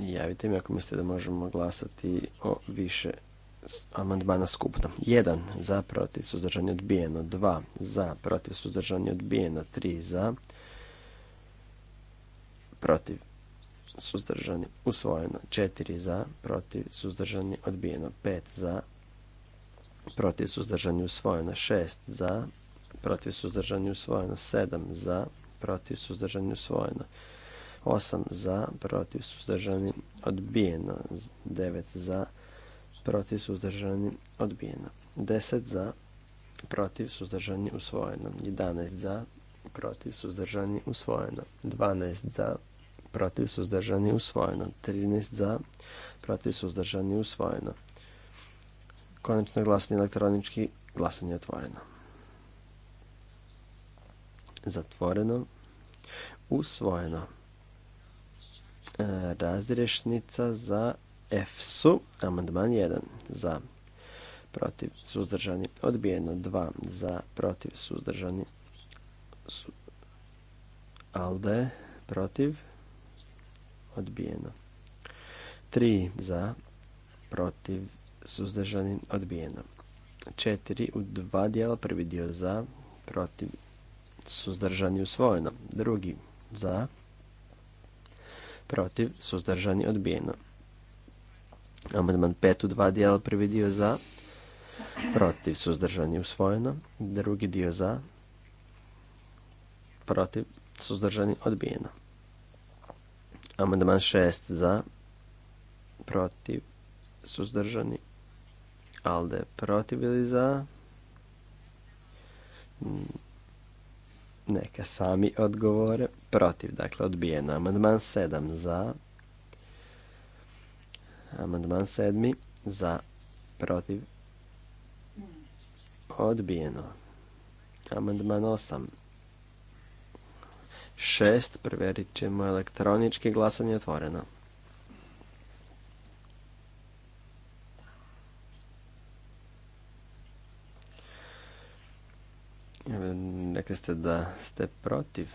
Javite mi ako mislite da možemo glasati o više amandmana skupno. 1 za, protiv, suzdržani, odbijeno. 2 za, protiv, suzdržani, odbijeno. 3 za, protiv, suzdržani, usvojeno. 4 za, protiv, suzdržani, odbijeno. 5 za, protiv, suzdržani, usvojeno. 6 za, protiv, suzdržani, usvojeno. 7 za, protiv, suzdržani, usvojeno. 8 za, protiv, suzdržani, odbijeno. 9 za, protiv, protiv suzdržani odbijeno. 10 za, protiv suzdržani usvojeno. 11 za, protiv suzdržani usvojeno. 12 za, protiv suzdržani usvojeno. 13 za, protiv suzdržani usvojeno. Konačno glasanje elektronički, glasanje otvoreno. Zatvoreno. Usvojeno. E, za F su amandman 1 za protiv suzdržani odbijeno 2 za protiv suzdržani su, ALDE protiv odbijeno 3 za protiv suzdržani odbijeno 4 u dva dijela prvi dio za protiv suzdržani usvojeno drugi za protiv suzdržani odbijeno Amandman 5 u dva dijela, prvi dio za, protiv, suzdržani, usvojeno. Drugi dio za, protiv, suzdržani, odbijeno. Amandman 6 za, protiv, suzdržani, Alde protiv ili za? Neka sami odgovore. Protiv, dakle, odbijeno. Amandman 7 za, Amandman sedmi za protiv odbijeno. Amandman osam, šest, Preverit ćemo elektronički glasanje otvoreno. Rekli ste da ste protiv.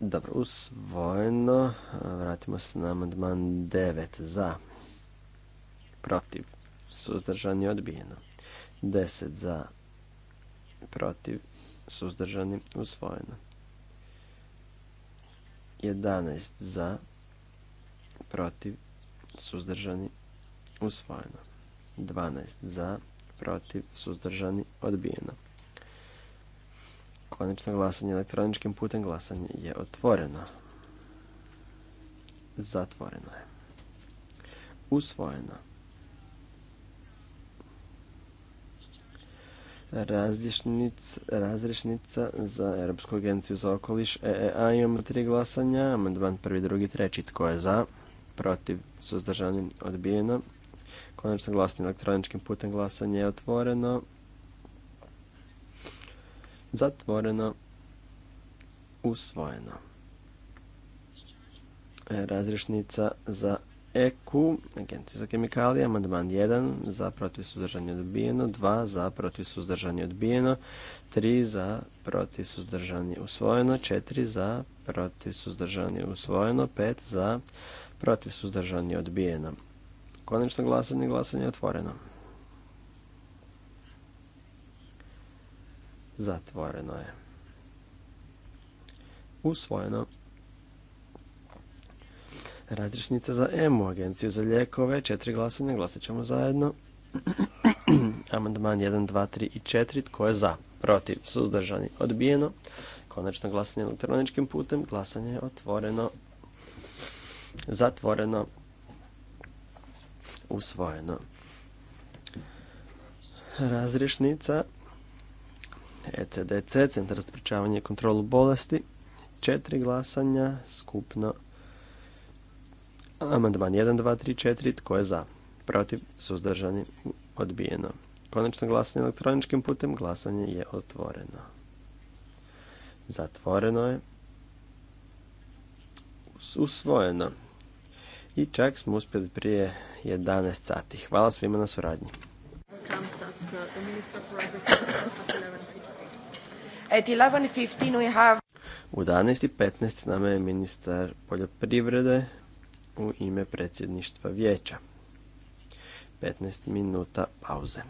Dobro, usvojeno. Vratimo se na amandman 9 za. Protiv. Suzdržani odbijeno. 10 za. Protiv. Suzdržani usvojeno. 11 za. Protiv. Suzdržani usvojeno. 12 za. Protiv. Suzdržani odbijeno. Konačno glasanje elektroničkim putem glasanje je otvoreno. Zatvoreno je. Usvojeno. Razrešnica za Europsku agenciju za okoliš EEA imamo tri glasanja. Amandman prvi, drugi, treći. Tko je za? Protiv? suzdržanim Odbijeno. Konačno glasanje elektroničkim putem glasanje je otvoreno zatvoreno, usvojeno. E, razrješnica za EQ, agenciju za kemikalije, amandman 1 za protiv suzdržanje odbijeno, 2 za protiv suzdržanje odbijeno, 3 za protiv suzdržanje usvojeno, 4 za protiv suzdržanje usvojeno, 5 za protiv suzdržanje odbijeno. Konačno glasanje, glasanje otvoreno. Zatvoreno je. Usvojeno. Razrišnica za EMU, Agenciju za lijekove, četiri glasanja glasat ćemo zajedno. Amandman 1, 2, 3 i 4, tko je za? Protiv, suzdržani, odbijeno. Konačno glasanje elektroničkim putem, glasanje je otvoreno, zatvoreno, usvojeno. Razrišnica ECDC, Centar za sprečavanje i kontrolu bolesti, četiri glasanja, skupno amandman 1, 2, 3, 4, tko je za, protiv, suzdržani, odbijeno. Konačno glasanje elektroničkim putem, glasanje je otvoreno. Zatvoreno je. Usvojeno. I čak smo uspjeli prije 11 sati. Hvala svima na suradnji. At 11.15 we have... U 11.15 nama je ministar poljoprivrede u ime predsjedništva vijeća. 15 minuta pauze.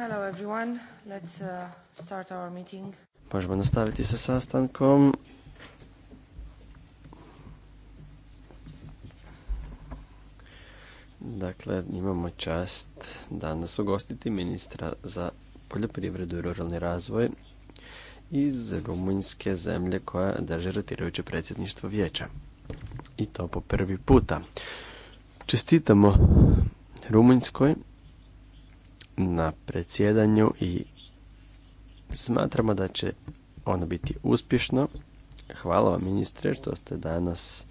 Hello everyone. Uh, Možemo nastaviti sa sastankom. Dakle, imamo čast danas ugostiti ministra za poljoprivredu i ruralni razvoj iz Rumunjske zemlje koja drži rotirajuće predsjedništvo vijeća. I to po prvi puta. Čestitamo Rumunjskoj na predsjedanju i smatramo da će ono biti uspješno. Hvala vam ministre što ste danas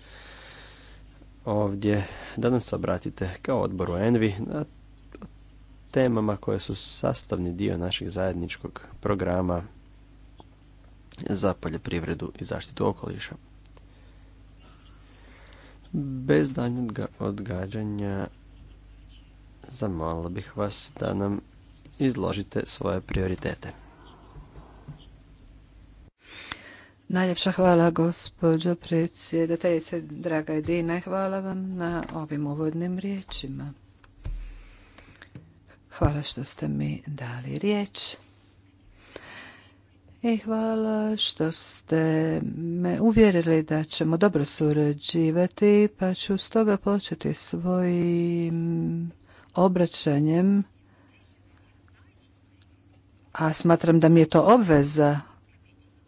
ovdje da nam se obratite kao odboru Envi na temama koje su sastavni dio našeg zajedničkog programa za poljoprivredu i zaštitu okoliša. Bez danjega odgađanja zamolila bih vas da nam izložite svoje prioritete. Najljepša hvala gospođo predsjedateljice, draga Edina, hvala vam na ovim uvodnim riječima. Hvala što ste mi dali riječ. I hvala što ste me uvjerili da ćemo dobro surađivati, pa ću stoga početi svoj obraćanjem, a smatram da mi je to obveza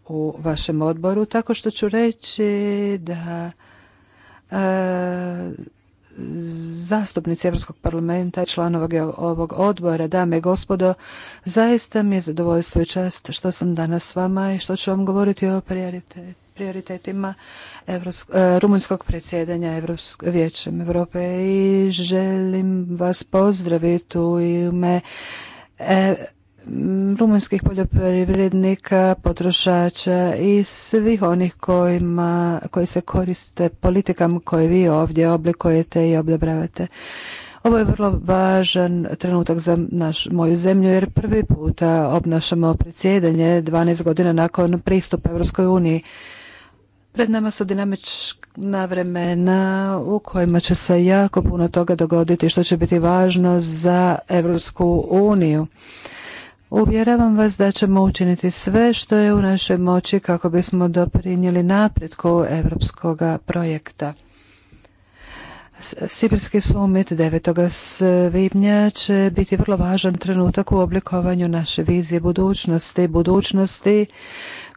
u vašem odboru, tako što ću reći da e, zastupnici Europskog parlamenta i članova ovog odbora, dame i gospodo, zaista mi je zadovoljstvo i čast što sam danas s vama i što ću vam govoriti o prioritetu prioritetima e, rumunjskog predsjedanja Vijećem Europe i želim vas pozdraviti u ime e, rumunjskih poljoprivrednika, potrošača i svih onih kojima, koji se koriste politikama koje vi ovdje oblikujete i odobravate. Ovo je vrlo važan trenutak za naš, moju zemlju jer prvi puta obnašamo predsjedanje 12 godina nakon pristupa Europskoj uniji. Pred nama su dinamična vremena u kojima će se jako puno toga dogoditi što će biti važno za Europsku uniju. Uvjeravam vas da ćemo učiniti sve što je u našoj moći kako bismo doprinijeli napretku evropskog projekta. Sibirski summit 9. svibnja će biti vrlo važan trenutak u oblikovanju naše vizije budućnosti, budućnosti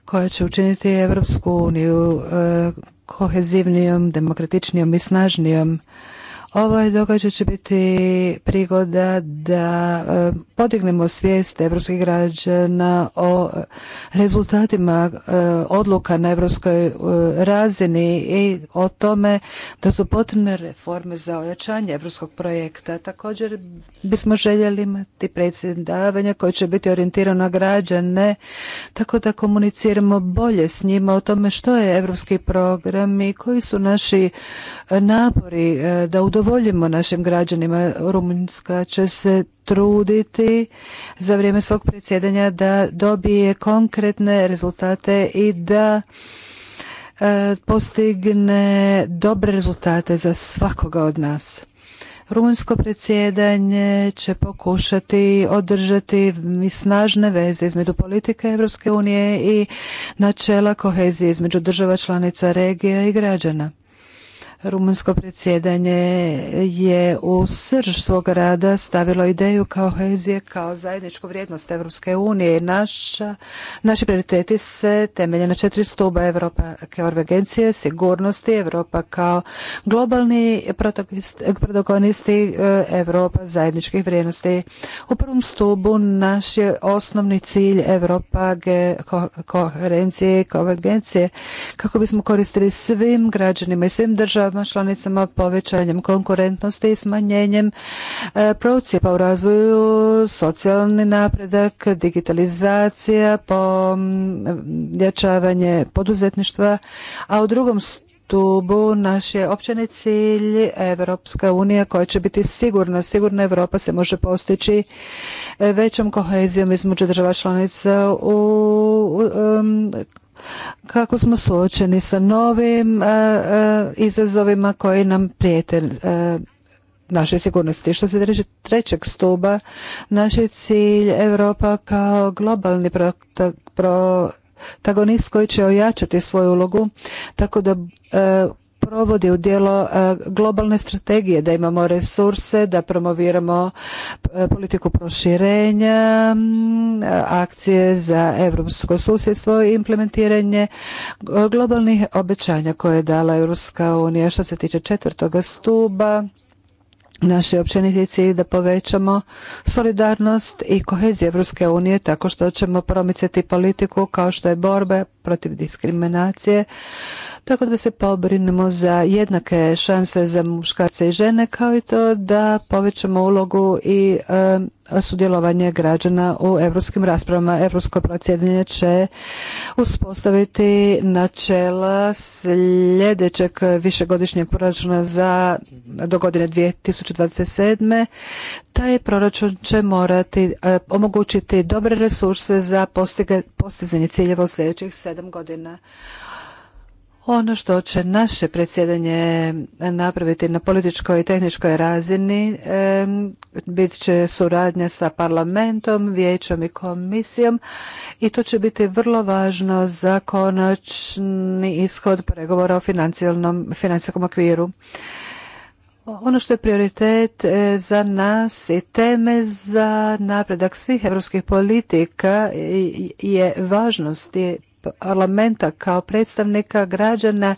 koja će učiniti Evropsku uniju eh, kohezivnijom, demokratičnijom i snažnijom Ovaj događaj će biti prigoda da e, podignemo svijest evropskih građana o rezultatima e, odluka na evropskoj e, razini i o tome da su potrebne reforme za ojačanje evropskog projekta. Također bismo željeli imati predsjedavanje koje će biti orijentirano na građane tako da komuniciramo bolje s njima o tome što je evropski program i koji su naši napori da udovoljimo Voljimo našim građanima. Rumunjska će se truditi za vrijeme svog predsjedanja da dobije konkretne rezultate i da e, postigne dobre rezultate za svakoga od nas. Rumunjsko predsjedanje će pokušati održati snažne veze između politike Europske unije i načela kohezije između država članica regija i građana. Rumunsko predsjedanje je u srž svog rada stavilo ideju kao hezije, kao zajedničku vrijednost Evropske unije. Naša, naši prioriteti se temelje na četiri stuba Evropa kao sigurnosti, Evropa kao globalni protagonisti, eh, Evropa zajedničkih vrijednosti. U prvom stubu naš je osnovni cilj Evropa koherencije i konvergencije kako bismo koristili svim građanima i svim državama državama članicama povećanjem konkurentnosti i smanjenjem e, procijepa u razvoju, socijalni napredak, digitalizacija, pojačavanje poduzetništva, a u drugom stupu naš je općeni cilj Evropska unija koja će biti sigurna. Sigurna Europa se može postići e, većom kohezijom između država članica u kako smo suočeni sa novim e, e, izazovima koji nam prijete e, naše sigurnosti. Što se tiče trećeg stuba, naš je cilj Europa kao globalni protagonist koji će ojačati svoju ulogu tako da provodi u djelo e, globalne strategije, da imamo resurse, da promoviramo e, politiku proširenja, akcije za europsko susjedstvo i implementiranje e, globalnih obećanja koje je dala Europska unija. Što se tiče četvrtoga stuba, naši općeniti cilj da povećamo solidarnost i koheziju Evropske unije tako što ćemo promicati politiku kao što je borbe protiv diskriminacije, tako da se pobrinemo za jednake šanse za muškarce i žene kao i to da povećamo ulogu i e, sudjelovanje građana u europskim raspravama. Europsko procjenjenje će uspostaviti načela sljedećeg višegodišnjeg proračuna za do godine 2027. Taj proračun će morati e, omogućiti dobre resurse za postizanje ciljeva u sljedećih sedam godina. Ono što će naše predsjedanje napraviti na političkoj i tehničkoj razini bit će suradnja sa parlamentom, vijećom i komisijom i to će biti vrlo važno za konačni ishod pregovora o financijskom okviru. Ono što je prioritet e, za nas i teme za napredak svih europskih politika je važnost parlamenta kao predstavnika građana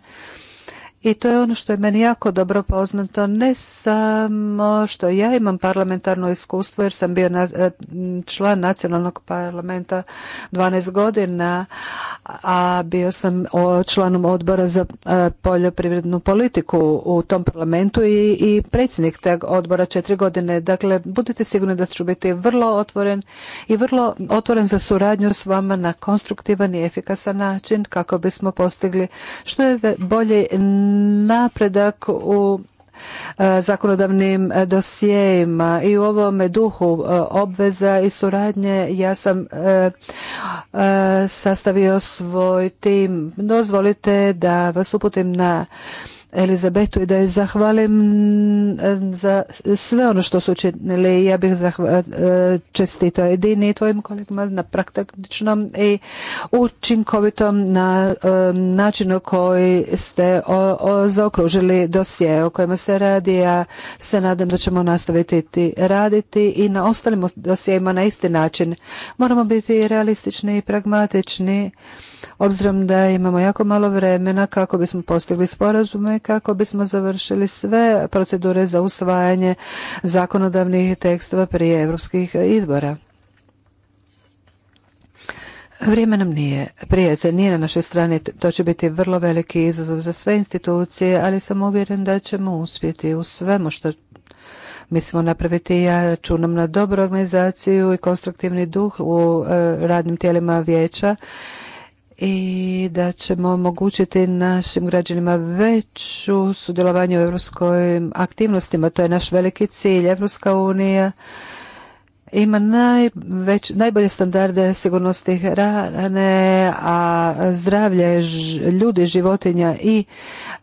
i to je ono što je meni jako dobro poznato, ne samo što ja imam parlamentarno iskustvo jer sam bio e, član nacionalnog parlamenta 12 godina, a bio sam članom odbora za e, poljoprivrednu politiku u tom parlamentu i, i predsjednik tog odbora četiri godine. Dakle, budite sigurni da ću biti vrlo otvoren i vrlo otvoren za suradnju s vama na konstruktivan i efikasan način kako bismo postigli što je bolje napredak u e, zakonodavnim dosijejima i u ovome duhu e, obveza i suradnje ja sam e, sastavio svoj tim. Dozvolite da vas uputim na Elizabetu i da je zahvalim eh, za sve ono što su učinili. Ja bih eh, čestitao jedini i tvojim kolegama na praktičnom i učinkovitom na eh, načinu koji ste zaokružili dosije o kojima se radi. Ja se nadam da ćemo nastaviti raditi i na ostalim dosijima na isti način. Moramo biti realistični i pragmatični obzirom da imamo jako malo vremena kako bismo postigli sporazume kako bismo završili sve procedure za usvajanje zakonodavnih tekstova prije europskih izbora. Vrijeme nam nije, prijatelj nije na našoj strani, to će biti vrlo veliki izazov za sve institucije, ali sam uvjeren da ćemo uspjeti u svemu što mislimo napraviti. Ja računam na dobru organizaciju i konstruktivni duh u e, radnim tijelima vijeća i da ćemo omogućiti našim građanima veću sudjelovanje u europskim aktivnostima. To je naš veliki cilj. Evropska unija ima najveć, najbolje standarde sigurnosti hrane, a zdravlje ljudi, životinja i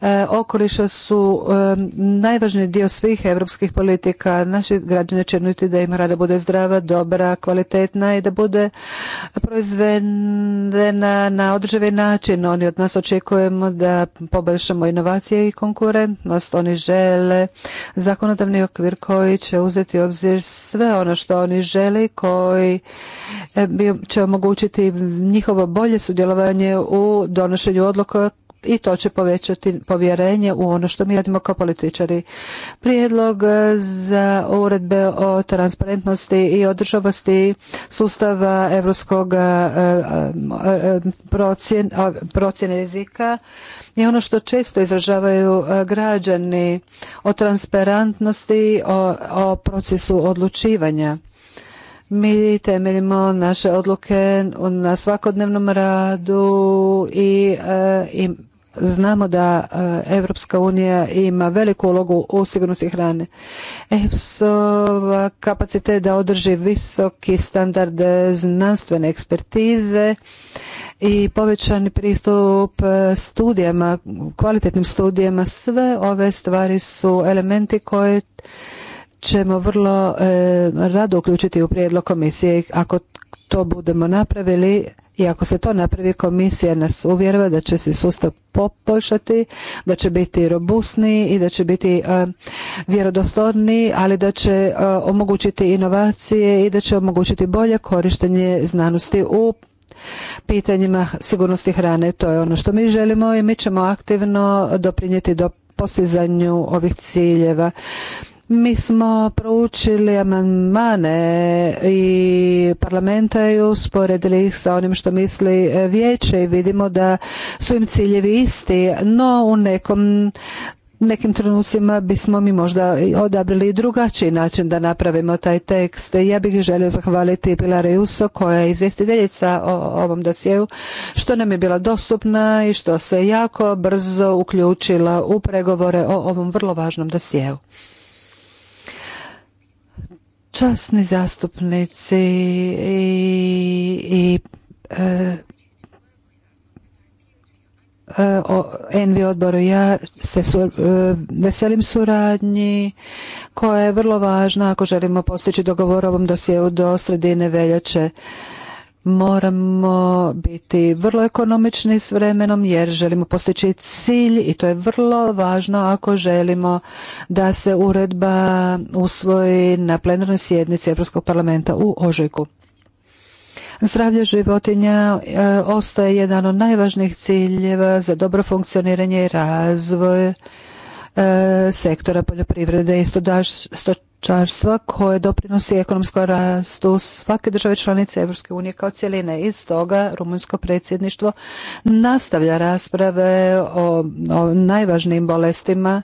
e, okoliša su e, najvažniji dio svih europskih politika. Naši građani nuti da im rada bude zdrava, dobra, kvalitetna i da bude proizvedena na održivi način. Oni od nas očekujemo da poboljšamo inovacije i konkurentnost. Oni žele zakonodavni okvir koji će uzeti u obzir sve ono što oni oni žele, koji e, će omogućiti njihovo bolje sudjelovanje u donošenju odluka i to će povećati povjerenje u ono što mi radimo kao političari. Prijedlog e, za uredbe o transparentnosti i održavosti sustava evropskog e, procjene rizika je ono što često izražavaju građani o transparentnosti, o, o procesu odlučivanja. Mi temeljimo naše odluke na svakodnevnom radu i, eh, znamo da Europska eh, unija ima veliku ulogu u sigurnosti hrane. EFSO kapacitet da održi visoki standard znanstvene ekspertize i povećani pristup eh, studijama, kvalitetnim studijama, sve ove stvari su elementi koje ćemo vrlo e, rado uključiti u prijedlog komisije. Ako to budemo napravili i ako se to napravi, komisija nas uvjerava da će se sustav poboljšati, da će biti robustniji i da će biti e, vjerodostojniji, ali da će e, omogućiti inovacije i da će omogućiti bolje korištenje znanosti u pitanjima sigurnosti hrane. To je ono što mi želimo i mi ćemo aktivno doprinijeti do postizanju ovih ciljeva. Mi smo proučili amandmane i parlamenta i usporedili ih sa onim što misli e, vijeće i vidimo da su im ciljevi isti, no u nekom nekim trenucima bismo mi možda odabrali drugačiji način da napravimo taj tekst. Ja bih želio zahvaliti Pilar Juso koja je izvjestiteljica o ovom dosjeu što nam je bila dostupna i što se jako brzo uključila u pregovore o ovom vrlo važnom dosjeu časni zastupnici i, i e, e, odboru. Ja se e, veselim suradnji koja je vrlo važna ako želimo postići dogovor ovom dosjeu do sredine veljače moramo biti vrlo ekonomični s vremenom jer želimo postići cilj i to je vrlo važno ako želimo da se uredba usvoji na plenarnoj sjednici Europskog parlamenta u ožujku. Zdravlje životinja e, ostaje jedan od najvažnijih ciljeva za dobro funkcioniranje i razvoj e, sektora poljoprivrede i stočarstva stočarstva koje doprinosi ekonomskom rastu svake države članice Europske unije kao cjeline. I stoga rumunjsko predsjedništvo nastavlja rasprave o, o najvažnijim bolestima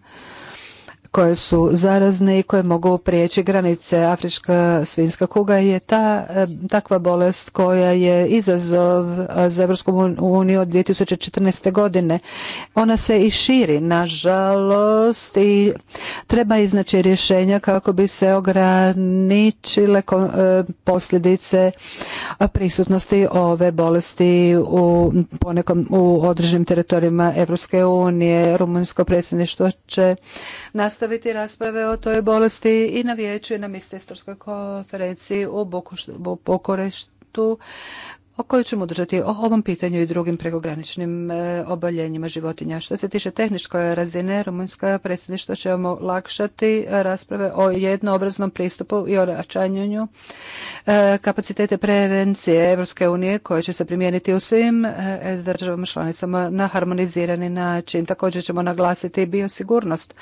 koje su zarazne i koje mogu prijeći granice. Afrička svinska kuga je ta e, takva bolest koja je izazov za Evropsku uniju od 2014. godine. Ona se i širi, nažalost, i treba iznaći rješenja kako bi se ograničile e, posljedice prisutnosti ove bolesti u, ponekom, u određenim teritorijima Evropske unije. Rumunjsko predsjedništvo će nastaviti nastaviti rasprave o toj bolesti i na vijeću i na mistestorskoj konferenciji u Bukureštu o kojoj ćemo držati o ovom pitanju i drugim prekograničnim e, oboljenjima životinja. Što se tiče tehničke razine, rumunjska predsjedništva će vam olakšati rasprave o jednoobraznom pristupu i ojačanju e, kapacitete prevencije Evropske unije koje će se primijeniti u svim e, državama članicama na harmonizirani način. Također ćemo naglasiti biosigurnost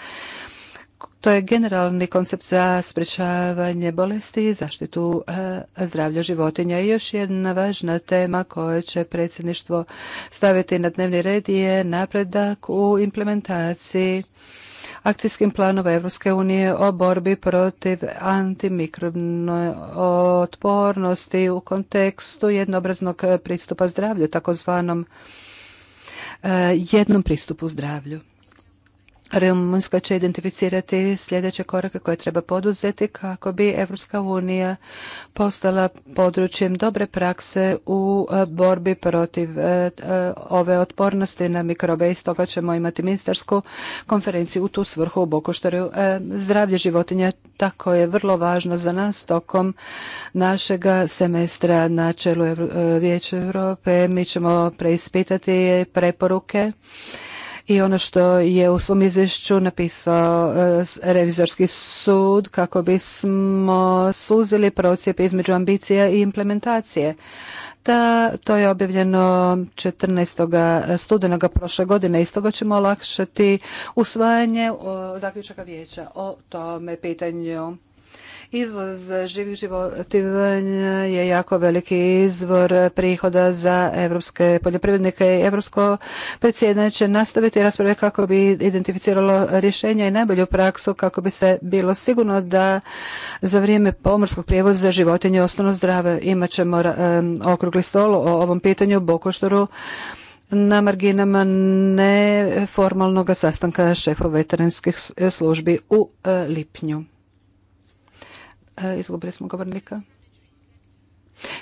to je generalni koncept za sprječavanje bolesti i zaštitu eh, zdravlja životinja. I još jedna važna tema koju će predsjedništvo staviti na dnevni red je napredak u implementaciji akcijskim planova Europske unije o borbi protiv antimikrobne otpornosti u kontekstu jednobraznog pristupa zdravlju, takozvanom eh, jednom pristupu zdravlju. Rumunjska će identificirati sljedeće korake koje treba poduzeti kako bi Evropska unija postala područjem dobre prakse u e, borbi protiv e, e, ove otpornosti na mikrobe i stoga ćemo imati ministarsku konferenciju u tu svrhu u Bokoštoru. Zdravlje životinja tako je vrlo važno za nas tokom našega semestra na čelu Vijeća Europe. Mi ćemo preispitati preporuke i ono što je u svom izvješću napisao e, revizorski sud kako bismo suzili procijep između ambicija i implementacije. Da, to je objavljeno 14. E, studenoga prošle godine i stoga ćemo olakšati usvajanje zaključaka vijeća o tome pitanju. Izvoz živih životinja je jako veliki izvor prihoda za evropske poljoprivrednike. Evropsko predsjedanje će nastaviti rasprave kako bi identificiralo rješenja i najbolju praksu kako bi se bilo sigurno da za vrijeme pomorskog prijevoza životinje ostanu zdrave. ćemo okrugli stol o ovom pitanju Bokoštoru na marginama neformalnog sastanka šefova veterinarskih službi u e, lipnju. E, izgubili smo govornika.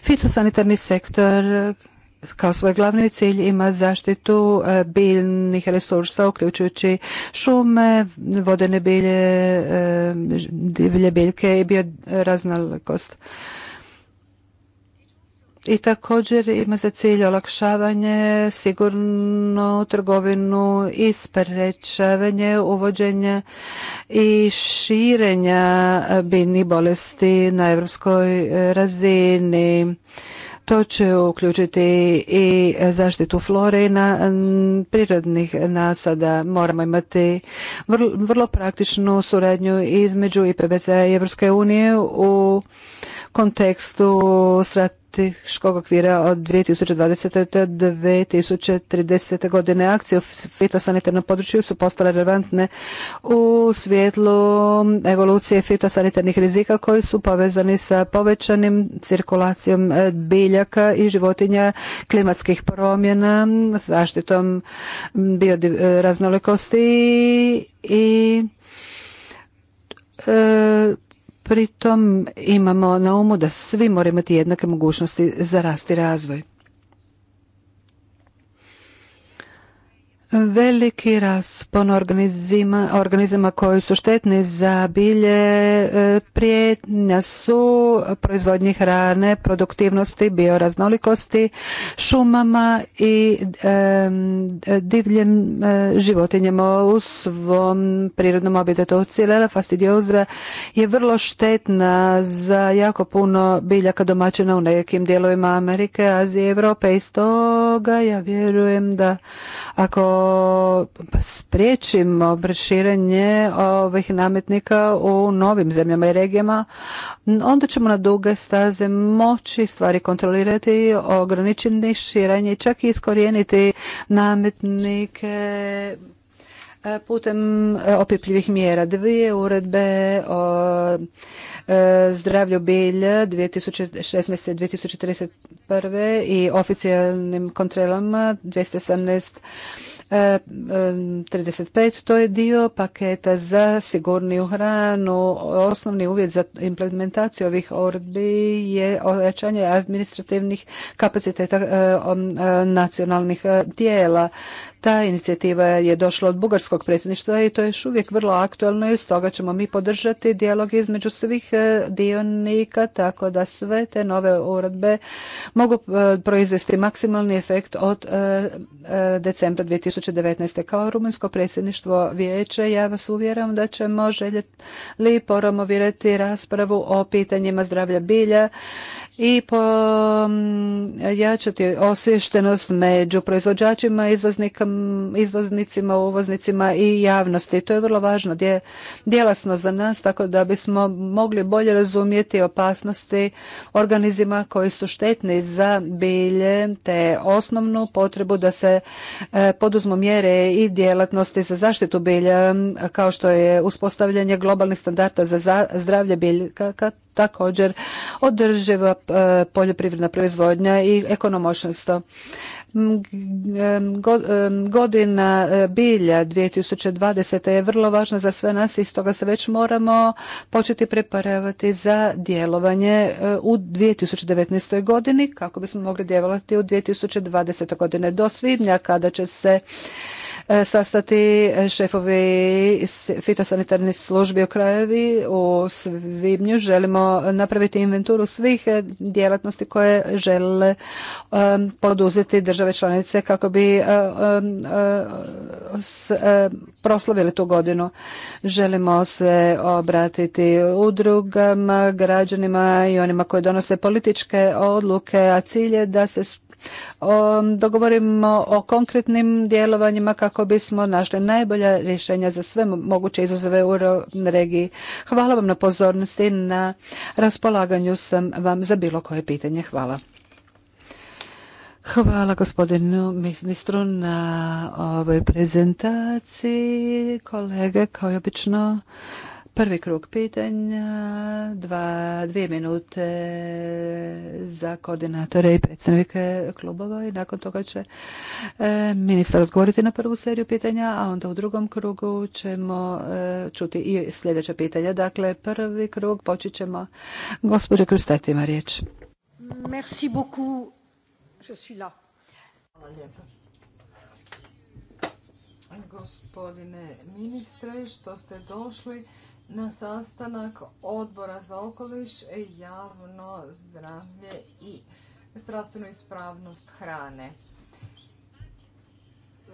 Fitosanitarni sektor e, kao svoj glavni cilj ima zaštitu e, biljnih resursa, uključujući šume, vodene bilje, divlje biljke i bioraznolikost i također ima za cilj olakšavanje sigurnu trgovinu i sprečavanje uvođenja i širenja biljnih bolesti na europskoj razini. To će uključiti i zaštitu flore i prirodnih nasada. Moramo imati vrlo, praktičnu suradnju između IPBC i Evropske unije u kontekstu strategije strateškog okvira od 2020. do 2030. godine. Akcije u fitosanitarnom području su postale relevantne u svijetlu evolucije fitosanitarnih rizika koji su povezani sa povećanim cirkulacijom e, biljaka i životinja klimatskih promjena, zaštitom bioraznolikosti e, i e, Pritom imamo na umu da svi moraju imati jednake mogućnosti za rast i razvoj. veliki raspon organizima, organizama koji su štetni za bilje, e, prijetnja su proizvodnji hrane, produktivnosti, bioraznolikosti, šumama i e, divljem e, životinjama u svom prirodnom obitetu. Cilela fastidioza je vrlo štetna za jako puno biljaka domaćina u nekim dijelovima Amerike, Azije i Europe. i stoga ja vjerujem da ako pa spriječimo obrširanje ovih nametnika u novim zemljama i regijama, onda ćemo na duge staze moći stvari kontrolirati, ograničiti širenje i čak i iskorijeniti nametnike e, putem e, opipljivih mjera. Dvije uredbe o e, zdravlju bilja 2016. 2031. i oficijalnim kontrolama 218 35 e, e, to je dio paketa za sigurniju hranu. Osnovni uvjet za implementaciju ovih orbi je ojačanje administrativnih kapaciteta e, nacionalnih tijela. Ta inicijativa je došla od bugarskog predsjedništva i to je još uvijek vrlo aktualno i stoga ćemo mi podržati dijalog između svih dionika tako da sve te nove uredbe mogu proizvesti maksimalni efekt od decembra 2020. 2019. Kao rumunjsko predsjedništvo vijeće ja vas uvjeram da ćemo željeti li promovirati raspravu o pitanjima zdravlja bilja i pojačati mm, osviještenost među proizvođačima, izvoznicima, uvoznicima i javnosti. To je vrlo važno djelasno za nas, tako da bismo mogli bolje razumjeti opasnosti organizima koji su štetni za bilje, te osnovnu potrebu da se e, poduzmu mjere i djelatnosti za zaštitu bilja, kao što je uspostavljanje globalnih standarda za zdravlje biljka, također održiva e, poljoprivredna proizvodnja i ekonomoćnost. E, godina e, bilja 2020. je vrlo važna za sve nas i stoga se već moramo početi preparavati za djelovanje u 2019. godini kako bismo mogli djelovati u 2020. godine do svibnja kada će se E, sastati šefovi fitosanitarnih službi u krajevi u svibnju. Želimo napraviti inventuru svih e, djelatnosti koje žele e, poduzeti države članice kako bi proslavili tu godinu. Želimo se obratiti udrugama, građanima i onima koji donose političke odluke, a cilj je da se Ehm, dogovorimo o konkretnim djelovanjima kako bismo našli najbolja rješenja za sve moguće izazove u regiji. Hvala vam na pozornosti, i na raspolaganju sam vam za bilo koje pitanje. Hvala. Hvala gospodinu ministru na ovoj prezentaciji. Kolege, kao i obično, Prvi krug pitanja, dva, dvije minute za koordinatore i predstavnike klubova i nakon toga će e, ministar odgovoriti na prvu seriju pitanja, a onda u drugom krugu ćemo e, čuti i sljedeća pitanja. Dakle, prvi krug počet ćemo. Gospođa Krustet ima riječ. Merci beaucoup. Je suis là. Hvala Gospodine ministre, što ste došli na sastanak odbora za okoliš, javno zdravlje i zdravstvenu ispravnost hrane.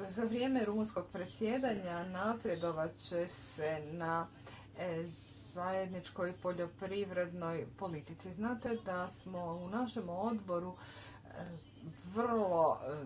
Za vrijeme rumunskog predsjedanja napredovat će se na e, zajedničkoj poljoprivrednoj politici. Znate da smo u našem odboru e, vrlo e,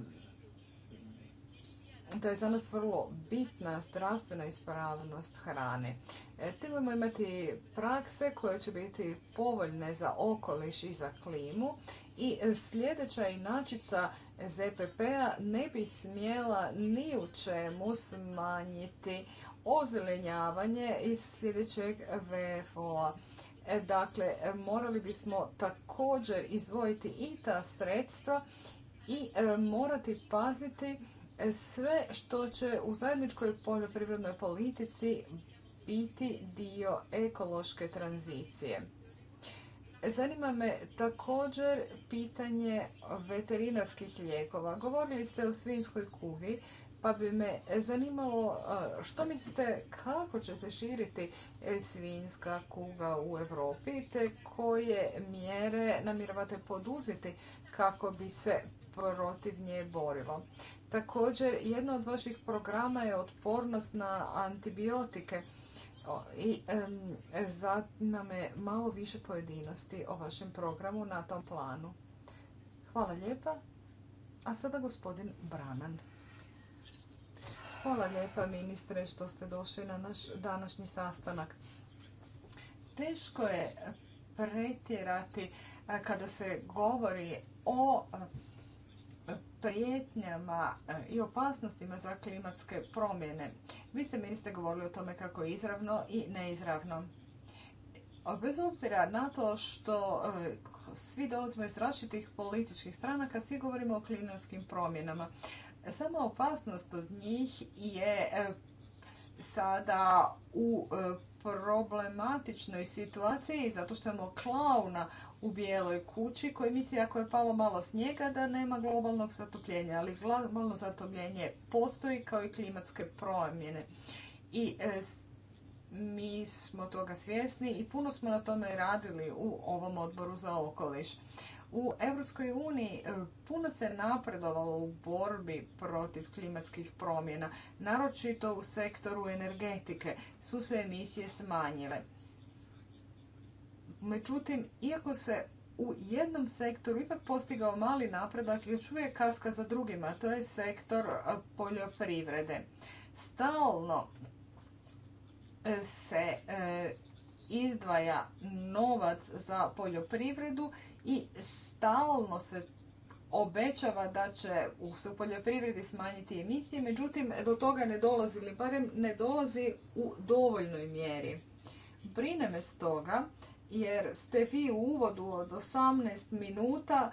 da je za nas vrlo bitna zdravstvena ispravnost hrane. E, trebamo imati prakse koje će biti povoljne za okoliš i za klimu i sljedeća inačica ZPP-a ne bi smjela ni u čemu smanjiti ozelenjavanje iz sljedećeg VFO-a. E, dakle, morali bismo također izvojiti i ta sredstva i e, morati paziti sve što će u zajedničkoj poljoprivrednoj politici biti dio ekološke tranzicije. Zanima me također pitanje veterinarskih lijekova. Govorili ste o svinskoj kugi, pa bi me zanimalo što mislite kako će se širiti svinska kuga u Europi te koje mjere namjeravate poduzeti kako bi se protiv nje borilo. Također, jedno od vaših programa je otpornost na antibiotike. I e, zanima me malo više pojedinosti o vašem programu na tom planu. Hvala lijepa. A sada gospodin Branan. Hvala lijepa ministre što ste došli na naš današnji sastanak. Teško je pretjerati kada se govori o prijetnjama e, i opasnostima za klimatske promjene. Vi ste ministre govorili o tome kako je izravno i neizravno. Bez obzira na to što e, svi dolazimo iz različitih političkih stranaka, svi govorimo o klimatskim promjenama. Sama opasnost od njih je e, sada u e, problematičnoj situaciji zato što imamo klauna u bijeloj kući koji misli ako je palo malo snijega da nema globalnog zatopljenja, ali globalno zatopljenje postoji kao i klimatske promjene. I e, mi smo toga svjesni i puno smo na tome radili u ovom odboru za okoliš. U Europskoj uniji e, puno se napredovalo u borbi protiv klimatskih promjena, naročito u sektoru energetike su se emisije smanjile. Međutim, iako se u jednom sektoru ipak postigao mali napredak, još uvijek kaska za drugima, to je sektor e, poljoprivrede. Stalno e, se izdvaja novac za poljoprivredu i stalno se obećava da će u poljoprivredi smanjiti emisije, međutim do toga ne dolazi ili barem ne dolazi u dovoljnoj mjeri. Brine me stoga jer ste vi u uvodu od 18 minuta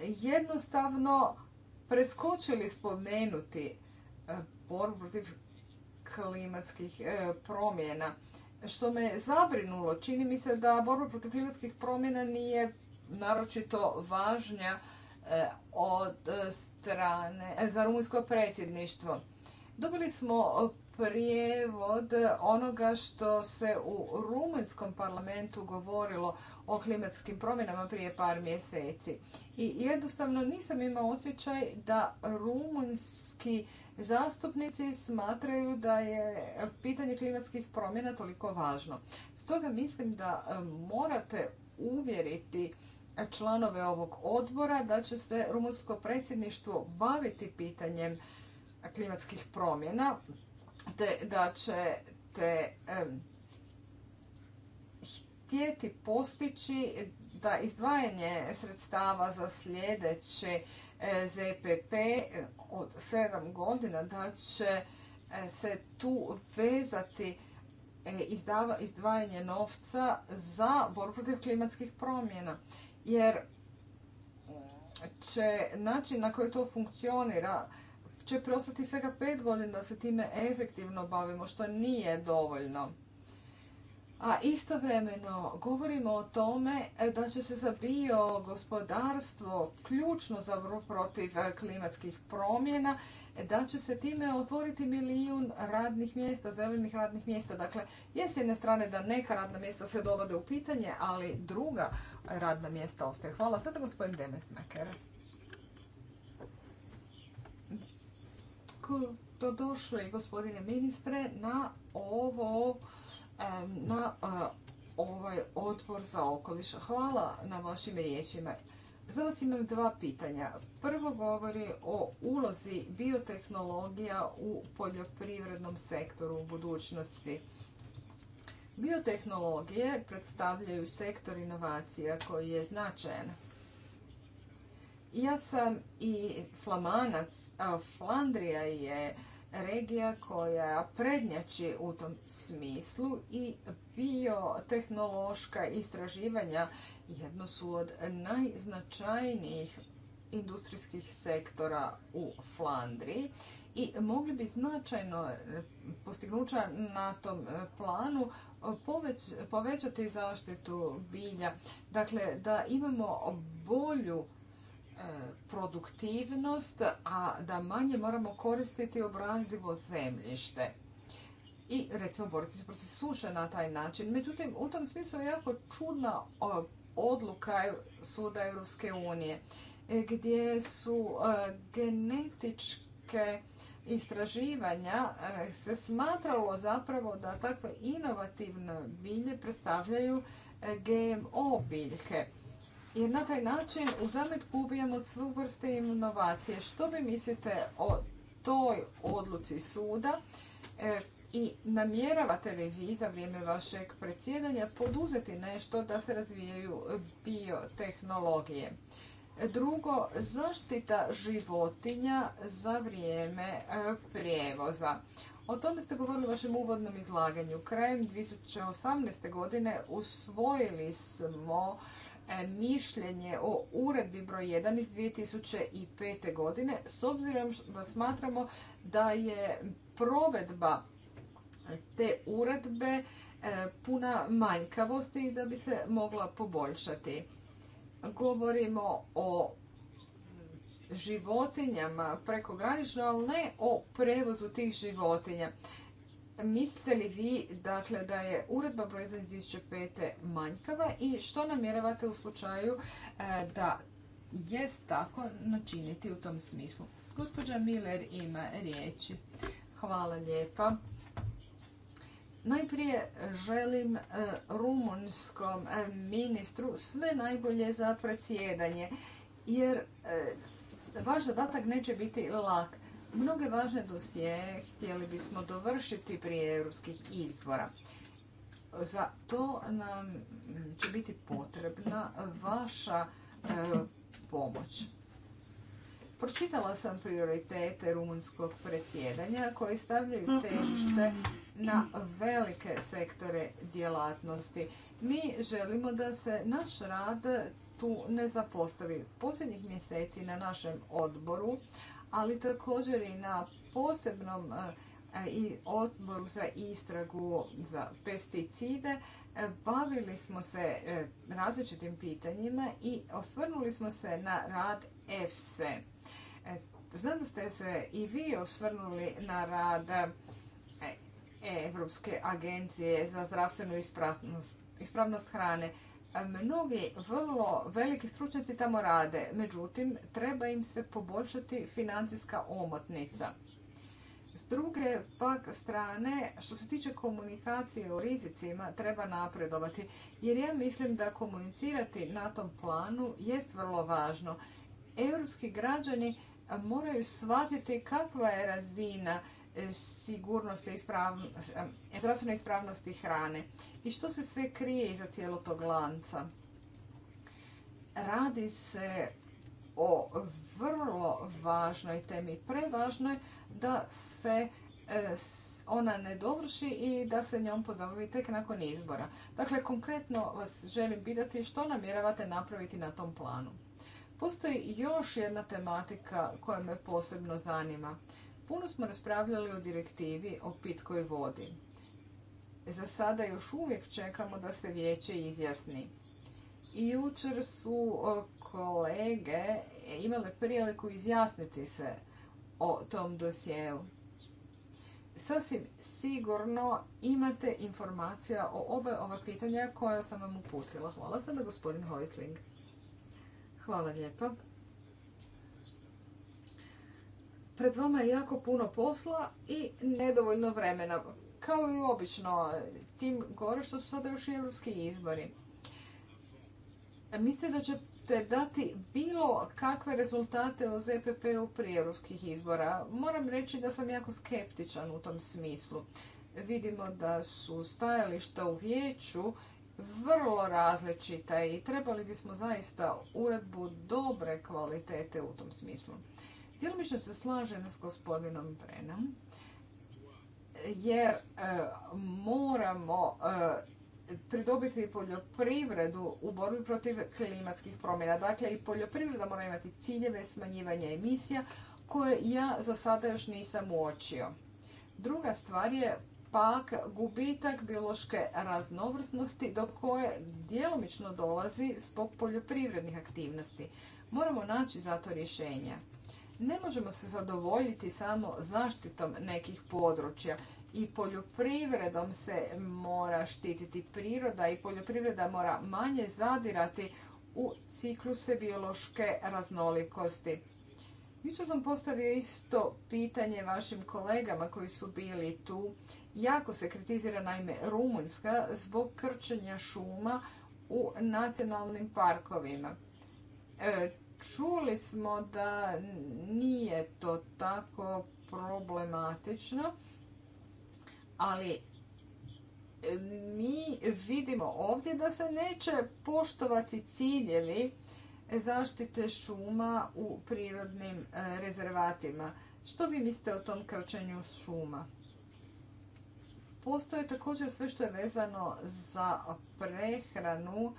jednostavno preskočili spomenuti e, borbu protiv klimatskih e, promjena što me zabrinulo. Čini mi se da borba protiv klimatskih promjena nije naročito važnja e, od e, strane e, za rumunjsko predsjedništvo. Dobili smo prijevod onoga što se u rumunjskom parlamentu govorilo o klimatskim promjenama prije par mjeseci. I jednostavno nisam imao osjećaj da rumunjski zastupnici smatraju da je pitanje klimatskih promjena toliko važno. Stoga mislim da morate uvjeriti članove ovog odbora da će se rumunsko predsjedništvo baviti pitanjem klimatskih promjena te da te htjeti postići da izdvajanje sredstava za sljedeće e, ZPP od 7 godina da će e, se tu vezati e, izdava, izdvajanje novca za borbu protiv klimatskih promjena. Jer mm, će način na koji to funkcionira će prostati svega pet godina da se time efektivno bavimo, što nije dovoljno. A istovremeno govorimo o tome e, da će se za bio gospodarstvo ključno za protiv e, klimatskih promjena, e, da će se time otvoriti milijun radnih mjesta, zelenih radnih mjesta. Dakle, je s jedne strane da neka radna mjesta se dovode u pitanje, ali druga radna mjesta ostaje. Hvala. Sada gospodin Demesmaker. to i gospodine ministre, na ovo na ovaj odbor za okoliš. Hvala na vašim riječima. Za vas imam dva pitanja. Prvo govori o ulozi biotehnologija u poljoprivrednom sektoru u budućnosti. Biotehnologije predstavljaju sektor inovacija koji je značajan ja sam i flamanac, Flandrija je regija koja prednjači u tom smislu i biotehnološka istraživanja jedno su od najznačajnijih industrijskih sektora u Flandriji i mogli bi značajno postignuća na tom planu povećati zaštitu bilja. Dakle, da imamo bolju E, produktivnost, a da manje moramo koristiti obradivo zemljište i recimo boriti se protiv suše na taj način. Međutim, u tom smislu je jako čudna odluka Suda Europske unije e, gdje su e, genetičke istraživanja se smatralo zapravo da takve inovativne bilje predstavljaju GMO biljke jer na taj način u zametku ubijemo svu vrste inovacije. Što vi mislite o toj odluci suda e, i namjeravate li vi za vrijeme vašeg predsjedanja poduzeti nešto da se razvijaju biotehnologije? Drugo, zaštita životinja za vrijeme e, prijevoza. O tome ste govorili u vašem uvodnom izlaganju. Krajem 2018. godine usvojili smo E, mišljenje o uredbi broj 1 iz 2005. godine s obzirom da smatramo da je provedba te uredbe e, puna manjkavosti i da bi se mogla poboljšati. Govorimo o životinjama prekogranično, ali ne o prevozu tih životinja. Mislite li vi dakle, da je uredba broj iz 2005. manjkava i što namjeravate u slučaju e, da jest tako načiniti u tom smislu? Gospođa Miller ima riječi. Hvala lijepa. Najprije želim e, rumunskom e, ministru sve najbolje za predsjedanje, jer vaš zadatak neće biti lak. Mnoge važne dosije htjeli bismo dovršiti prije europskih izbora. Za to nam će biti potrebna vaša e, pomoć. Pročitala sam prioritete rumunskog predsjedanja koji stavljaju težište na velike sektore djelatnosti. Mi želimo da se naš rad tu ne zapostavi. Posljednjih mjeseci na našem odboru ali također i na posebnom e, odboru za istragu za pesticide e, bavili smo se e, različitim pitanjima i osvrnuli smo se na rad EFSE. Znam da ste se i vi osvrnuli na rad Europske agencije za zdravstvenu ispravnost hrane. Mnogi vrlo veliki stručnjaci tamo rade, međutim treba im se poboljšati financijska omotnica. S druge pak strane, što se tiče komunikacije o rizicima, treba napredovati. Jer ja mislim da komunicirati na tom planu jest vrlo važno. Europski građani moraju shvatiti kakva je razina E, sigurnosti, e, zdravstvene ispravnosti hrane. I što se sve krije iza cijelog tog lanca? Radi se o vrlo važnoj temi, prevažnoj da se e, ona ne dovrši i da se njom pozabavi tek nakon izbora. Dakle, konkretno vas želim pitati što namjeravate napraviti na tom planu. Postoji još jedna tematika koja me posebno zanima. Puno smo raspravljali o direktivi o pitkoj vodi. Za sada još uvijek čekamo da se vijeće izjasni. I jučer su kolege imale priliku izjasniti se o tom dosjeu. Sasvim sigurno imate informacija o oba ova pitanja koja sam vam uputila. Hvala sada gospodin Hojsling. Hvala lijepa. Pred vama je jako puno posla i nedovoljno vremena. Kao i obično, tim gore što su sada još i evropski izbori. Mislim da ćete dati bilo kakve rezultate o ZPP-u prije evropskih izbora? Moram reći da sam jako skeptičan u tom smislu. Vidimo da su stajališta u vijeću vrlo različita i trebali bismo zaista uredbu dobre kvalitete u tom smislu. Djelomično se slažem s gospodinom Brenom, jer e, moramo e, pridobiti poljoprivredu u borbi protiv klimatskih promjena. Dakle, i poljoprivreda mora imati ciljeve smanjivanja emisija koje ja za sada još nisam uočio. Druga stvar je pak gubitak biološke raznovrsnosti do koje djelomično dolazi zbog poljoprivrednih aktivnosti. Moramo naći za to rješenje. Ne možemo se zadovoljiti samo zaštitom nekih područja. I poljoprivredom se mora štititi priroda i poljoprivreda mora manje zadirati u cikluse biološke raznolikosti. Jučer sam postavio isto pitanje vašim kolegama koji su bili tu. Jako se kritizira naime Rumunjska zbog krčenja šuma u nacionalnim parkovima. E, Čuli smo da nije to tako problematično, ali e, mi vidimo ovdje da se neće poštovati ciljevi zaštite šuma u prirodnim e, rezervatima. Što vi mislite o tom krčenju šuma? Postoje također sve što je vezano za prehranu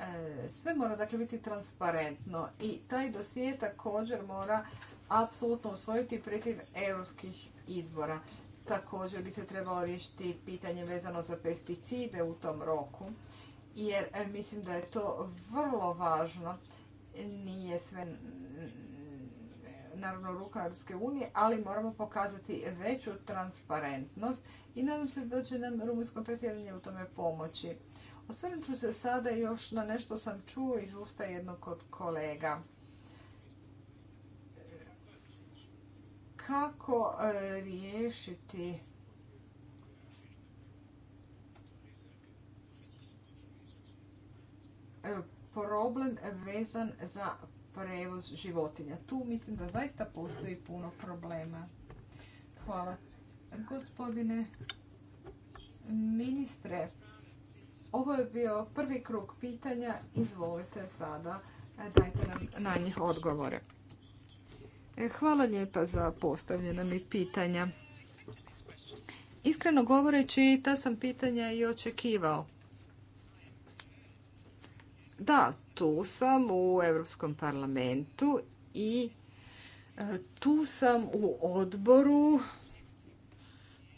E, sve mora dakle biti transparentno i taj dosije također mora apsolutno usvojiti protiv europskih izbora. Također bi se trebalo riješiti pitanje vezano za pesticide u tom roku, jer e, mislim da je to vrlo važno. Nije sve naravno ruka Europske unije, ali moramo pokazati veću transparentnost i nadam se da će nam rumunjsko predsjedanje u tome pomoći. Osvrnut ću se sada još na nešto sam čuo iz usta jednog od kolega. Kako e, riješiti e, problem vezan za prevoz životinja. Tu mislim da zaista postoji puno problema. Hvala. Gospodine ministre, ovo je bio prvi krug pitanja. Izvolite sada, e, dajte nam na njih odgovore. E, hvala lijepa za postavljena mi pitanja. Iskreno govoreći, ta sam pitanja i očekivao. Da, tu sam u Europskom parlamentu i e, tu sam u odboru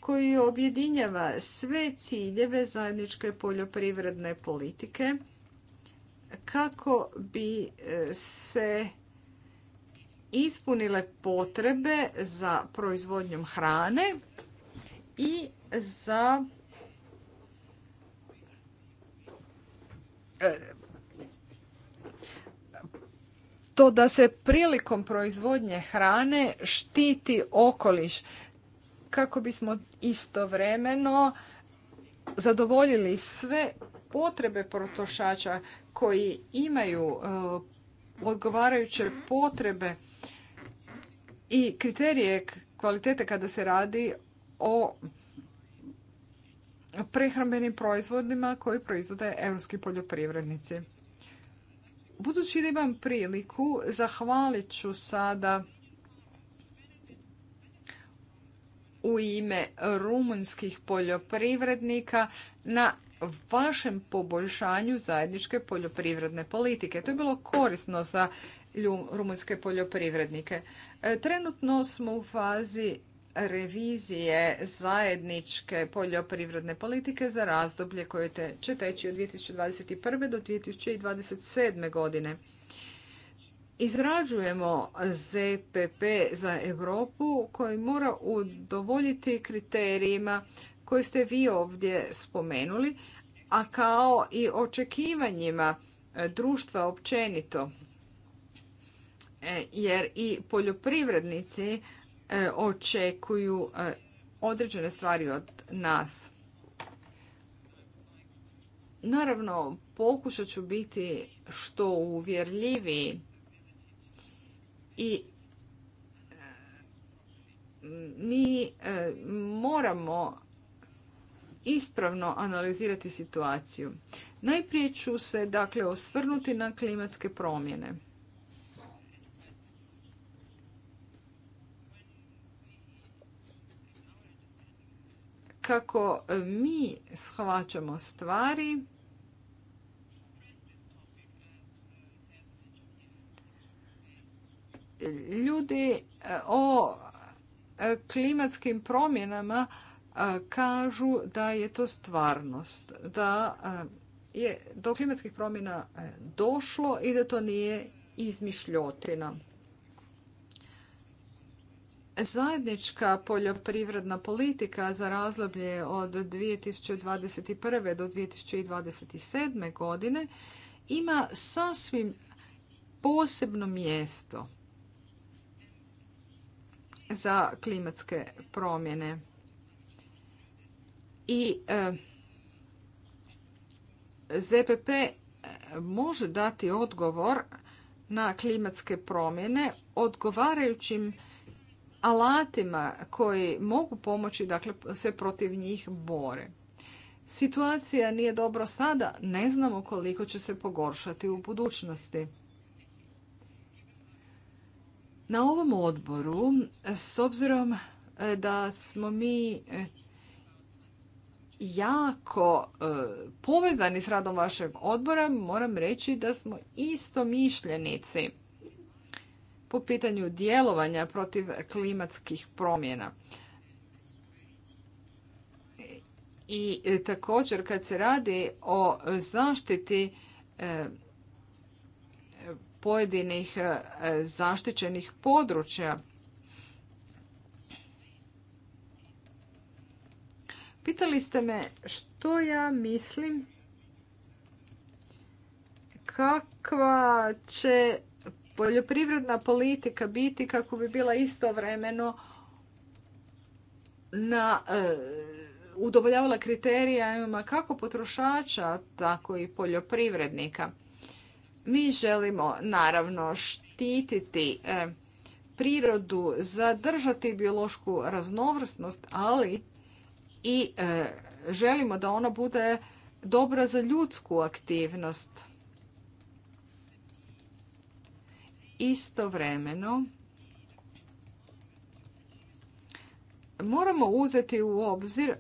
koji objedinjava sve ciljeve zajedničke poljoprivredne politike kako bi e, se ispunile potrebe za proizvodnjom hrane i za e, to da se prilikom proizvodnje hrane štiti okoliš kako bismo istovremeno zadovoljili sve potrebe potrošača koji imaju e, odgovarajuće potrebe i kriterije kvalitete kada se radi o prehrambenim proizvodima koji proizvode europski poljoprivrednici. Budući da imam priliku, zahvalit ću sada u ime rumunskih poljoprivrednika na vašem poboljšanju zajedničke poljoprivredne politike. To je bilo korisno za rumunske poljoprivrednike. E, trenutno smo u fazi revizije zajedničke poljoprivredne politike za razdoblje koje će teći od 2021. do 2027. godine izrađujemo ZPP za Europu koji mora udovoljiti kriterijima koje ste vi ovdje spomenuli, a kao i očekivanjima društva općenito. E, jer i poljoprivrednici e, očekuju e, određene stvari od nas. Naravno, pokušat ću biti što uvjerljiviji i e, mi e, moramo ispravno analizirati situaciju. Najprije ću se dakle osvrnuti na klimatske promjene. Kako e, mi shvaćamo stvari, Ljudi e, o e, klimatskim promjenama e, kažu da je to stvarnost, da je do klimatskih promjena došlo i da to nije izmišljotina. Zajednička poljoprivredna politika za razdoblje od 2021. do 2027. godine ima sasvim posebno mjesto za klimatske promjene. I e, ZPP može dati odgovor na klimatske promjene odgovarajućim alatima koji mogu pomoći dakle, se protiv njih bore. Situacija nije dobro sada, ne znamo koliko će se pogoršati u budućnosti. Na ovom odboru, s obzirom e, da smo mi e, jako e, povezani s radom vašeg odbora, moram reći da smo isto mišljenici po pitanju djelovanja protiv klimatskih promjena. I također kad se radi o zaštiti pojedinih e, zaštićenih područja. Pitali ste me što ja mislim kakva će poljoprivredna politika biti kako bi bila istovremeno na e, udovoljavala kriterijima kako potrošača, tako i poljoprivrednika. Mi želimo naravno štititi e, prirodu, zadržati biološku raznovrstnost, ali i e, želimo da ona bude dobra za ljudsku aktivnost. Istovremeno moramo uzeti u obzir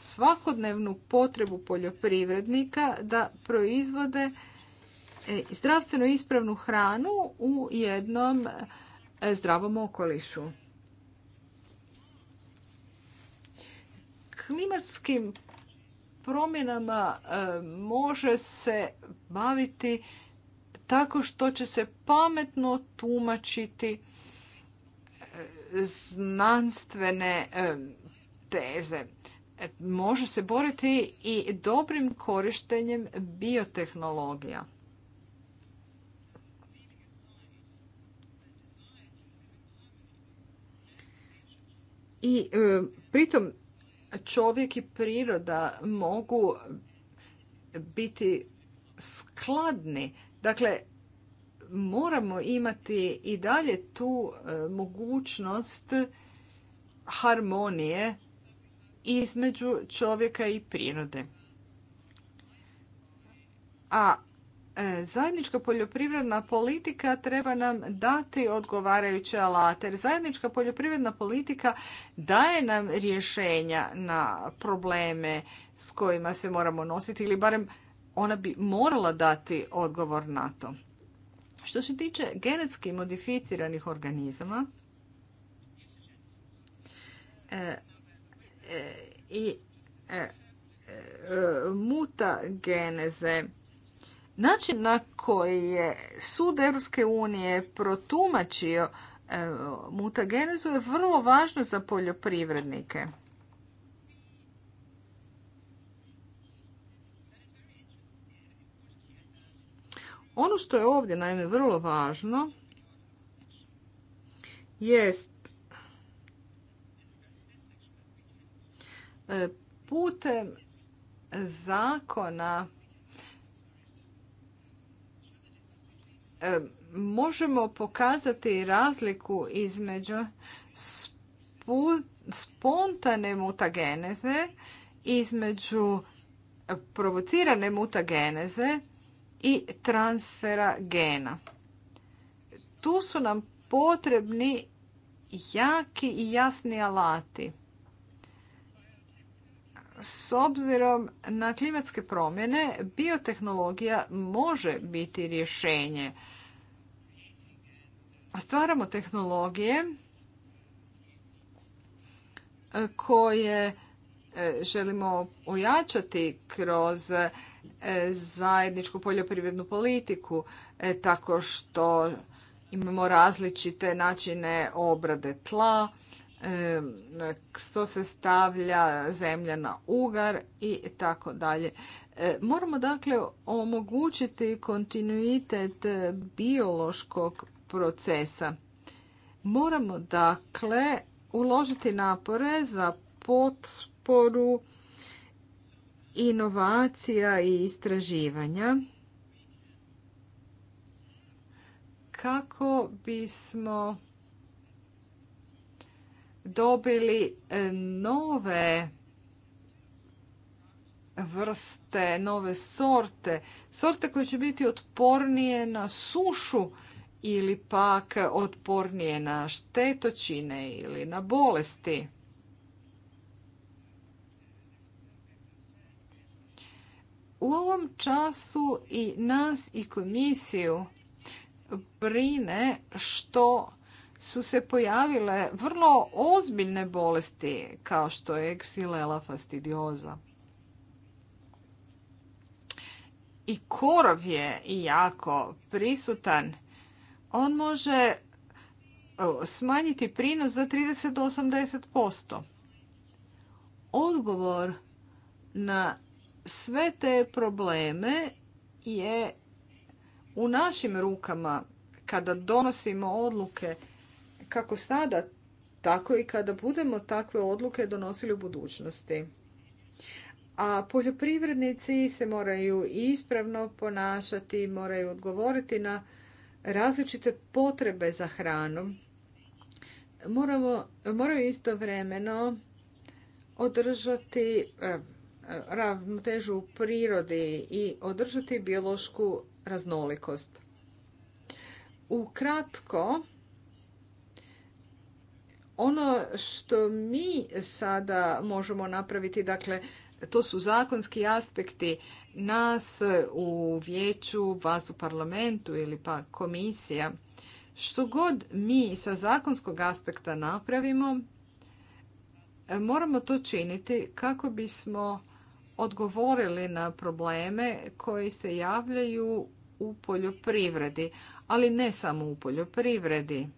svakodnevnu potrebu poljoprivrednika da proizvode E, zdravstveno ispravnu hranu u jednom e, zdravom okolišu. Klimatskim promjenama e, može se baviti tako što će se pametno tumačiti znanstvene teze. Može se boriti i dobrim korištenjem biotehnologija. I e, pritom čovjek i priroda mogu biti skladni. Dakle, moramo imati i dalje tu e, mogućnost harmonije između čovjeka i prirode. A E, zajednička poljoprivredna politika treba nam dati odgovarajuće alate. zajednička poljoprivredna politika daje nam rješenja na probleme s kojima se moramo nositi ili barem ona bi morala dati odgovor na to. Što se tiče genetski modificiranih organizama, e, e, i mutageneze Način na koji je sud Europske unije protumačio mutagenezu je vrlo važno za poljoprivrednike. Ono što je ovdje naime vrlo važno jest e, putem zakona možemo pokazati razliku između spontane mutageneze, između provocirane mutageneze i transfera gena. Tu su nam potrebni jaki i jasni alati. S obzirom na klimatske promjene, biotehnologija može biti rješenje stvaramo tehnologije e, koje e, želimo ojačati kroz e, zajedničku poljoprivrednu politiku tako što imamo različite načine obrade tla, što se stavlja zemlja na ugar i tako dalje. Moramo dakle omogućiti kontinuitet biološkog procesa. Moramo dakle uložiti napore za potporu inovacija i istraživanja kako bismo dobili e, nove vrste, nove sorte, sorte koje će biti otpornije na sušu ili pak otpornije na štetočine ili na bolesti. U ovom času i nas i komisiju brine što su se pojavile vrlo ozbiljne bolesti kao što je eksilela fastidioza. I korov je jako prisutan on može smanjiti prinos za 30 do 80%. Odgovor na sve te probleme je u našim rukama kada donosimo odluke kako sada, tako i kada budemo takve odluke donosili u budućnosti. A poljoprivrednici se moraju ispravno ponašati, moraju odgovoriti na različite potrebe za hranom moraju istovremeno održati e, e, ravnotežu u prirodi i održati biološku raznolikost. Ukratko, ono što mi sada možemo napraviti, dakle, to su zakonski aspekti nas u vijeću, vas u parlamentu ili pa komisija. Što god mi sa zakonskog aspekta napravimo, moramo to činiti kako bismo odgovorili na probleme koji se javljaju u poljoprivredi, ali ne samo u poljoprivredi.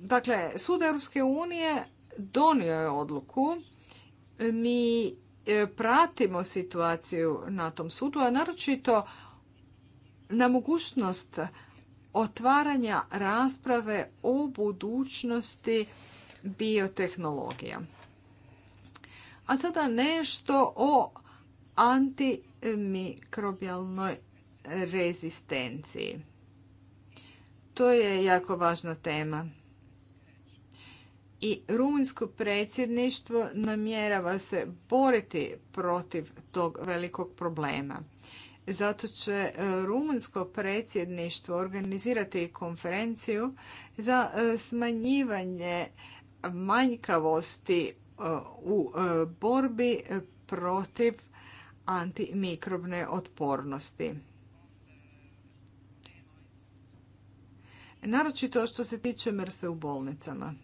Dakle, Sud Europske unije donio je odluku mi e, pratimo situaciju na tom sudu, a naročito na mogućnost otvaranja rasprave o budućnosti biotehnologija. A sada nešto o antimikrobijalnoj rezistenciji. To je jako važna tema i rumunjsko predsjedništvo namjerava se boriti protiv tog velikog problema. Zato će e, Rumunjsko predsjedništvo organizirati konferenciju za e, smanjivanje manjkavosti e, u borbi protiv antimikrobne otpornosti. Naročito što se tiče mrse u bolnicama.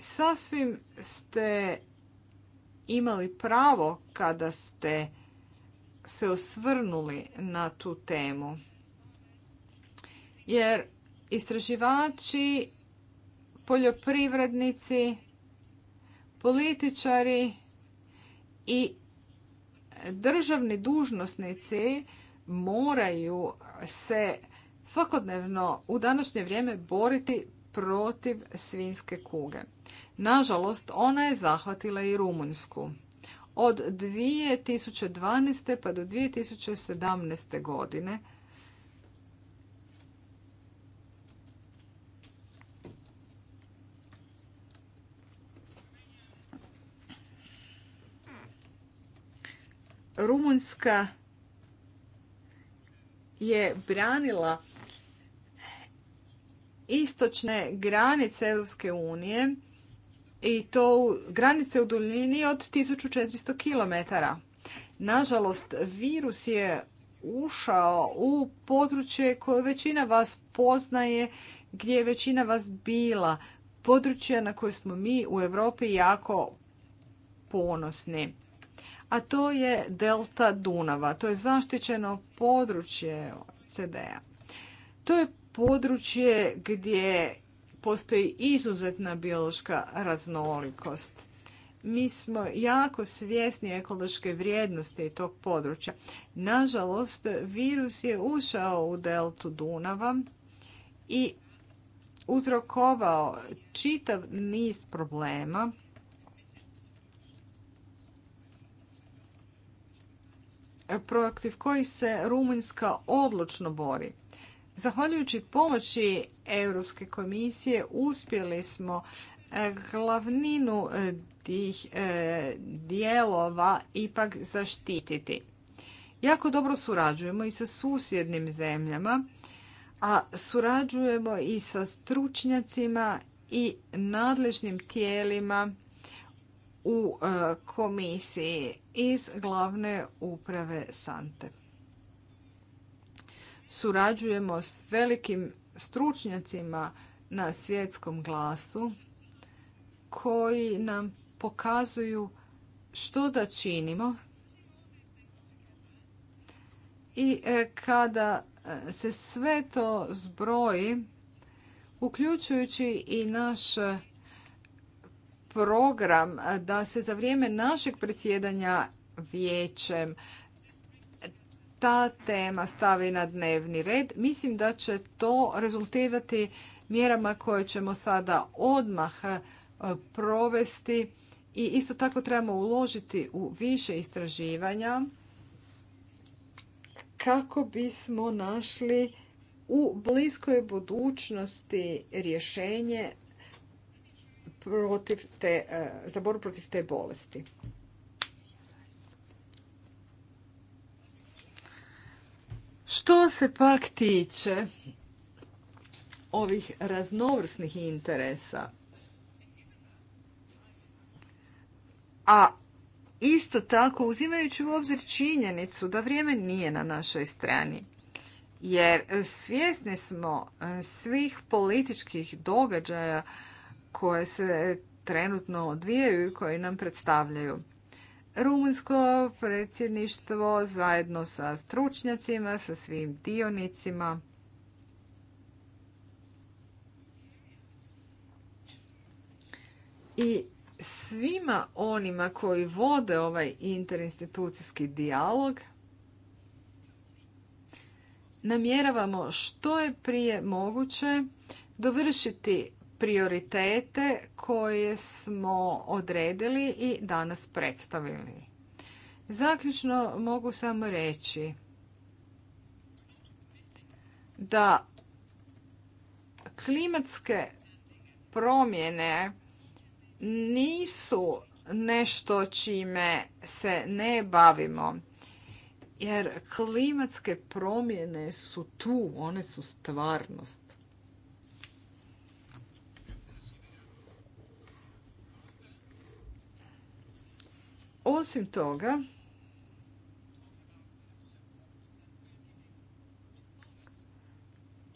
Sasvim ste imali pravo kada ste se osvrnuli na tu temu. Jer istraživači, poljoprivrednici, političari i državni dužnosnici moraju se svakodnevno u današnje vrijeme boriti protiv svinske kuge. Nažalost, ona je zahvatila i Rumunjsku. Od 2012. pa do 2017. godine Rumunjska je branila istočne granice Europske unije i to granice u duljini od 1400 km. Nažalost, virus je ušao u područje koje većina vas poznaje, gdje je većina vas bila, područja na koje smo mi u Europi jako ponosni. A to je delta Dunava, to je zaštićeno područje CD-a. To je područje gdje postoji izuzetna biološka raznolikost. Mi smo jako svjesni ekološke vrijednosti tog područja. Nažalost, virus je ušao u deltu Dunava i uzrokovao čitav niz problema. protiv koji se Rumunjska odlučno bori. Zahvaljujući pomoći Europske komisije uspjeli smo e, glavninu e, tih e, dijelova ipak zaštititi. Jako dobro surađujemo i sa susjednim zemljama, a surađujemo i sa stručnjacima i nadležnim tijelima u komisiji iz glavne uprave Sante. Surađujemo s velikim stručnjacima na svjetskom glasu koji nam pokazuju što da činimo i e, kada e, se sve to zbroji, uključujući i naš e, program da se za vrijeme našeg predsjedanja vijećem ta tema stavi na dnevni red, mislim da će to rezultirati mjerama koje ćemo sada odmah e, provesti i isto tako trebamo uložiti u više istraživanja kako bismo našli u bliskoj budućnosti rješenje protiv te, e, za protiv te bolesti. Što se pak tiče ovih raznovrsnih interesa, a isto tako uzimajući u obzir činjenicu da vrijeme nije na našoj strani, jer svjesni smo svih političkih događaja koje se trenutno odvijaju i koje nam predstavljaju. Rumunsko predsjedništvo zajedno sa stručnjacima, sa svim dionicima. I svima onima koji vode ovaj interinstitucijski dijalog namjeravamo što je prije moguće dovršiti prioritete koje smo odredili i danas predstavili. Zaključno mogu samo reći da klimatske promjene nisu nešto čime se ne bavimo. Jer klimatske promjene su tu, one su stvarnost. Osim toga,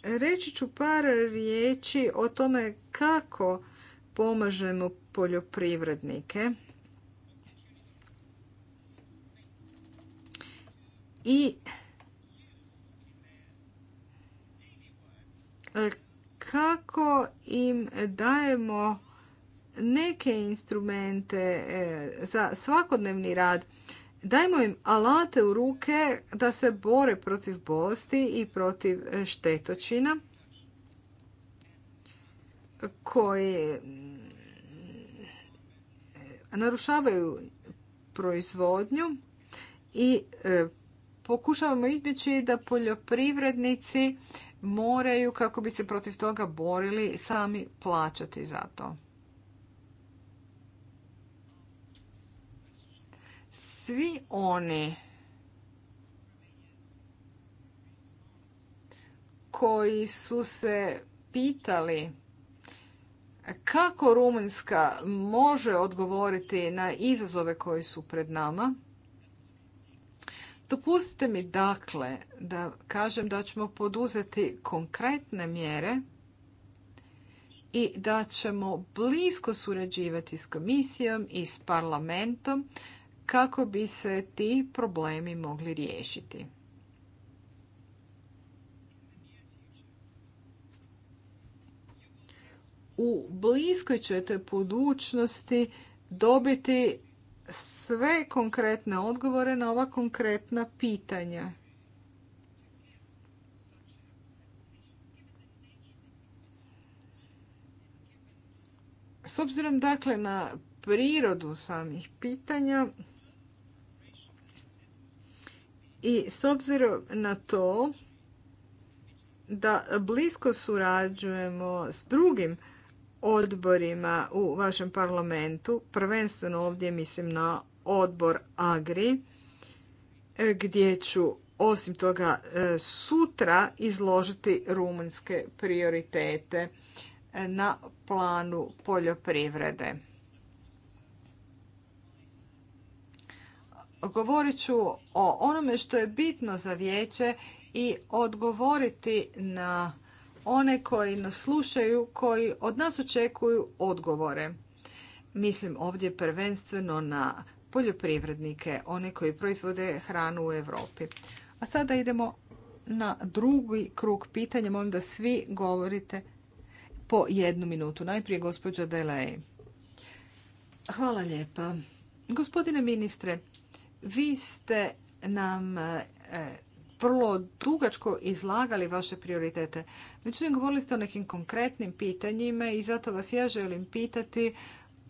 reći ću par riječi o tome kako pomažemo poljoprivrednike i e, kako im dajemo neke instrumente e, za svakodnevni rad, dajmo im alate u ruke da se bore protiv bolesti i protiv e, štetočina koje mm, narušavaju proizvodnju i e, pokušavamo izbjeći da poljoprivrednici moraju kako bi se protiv toga borili sami plaćati za to. svi oni koji su se pitali kako Rumunjska može odgovoriti na izazove koji su pred nama, dopustite mi dakle da kažem da ćemo poduzeti konkretne mjere i da ćemo blisko surađivati s komisijom i s parlamentom kako bi se ti problemi mogli riješiti. U bliskoj ćete budućnosti dobiti sve konkretne odgovore na ova konkretna pitanja. S obzirom dakle na prirodu samih pitanja, i s obzirom na to da blisko surađujemo s drugim odborima u vašem parlamentu, prvenstveno ovdje mislim na odbor Agri, e, gdje ću osim toga e, sutra izložiti rumunjske prioritete e, na planu poljoprivrede. Govorit ću o onome što je bitno za vijeće i odgovoriti na one koji nas slušaju, koji od nas očekuju odgovore. Mislim ovdje prvenstveno na poljoprivrednike, one koji proizvode hranu u Europi. A sada idemo na drugi krug pitanja. Molim da svi govorite po jednu minutu. Najprije gospođa Delej. Hvala lijepa. Gospodine ministre, vi ste nam e, e, vrlo dugačko izlagali vaše prioritete. Međutim, govorili ste o nekim konkretnim pitanjima i zato vas ja želim pitati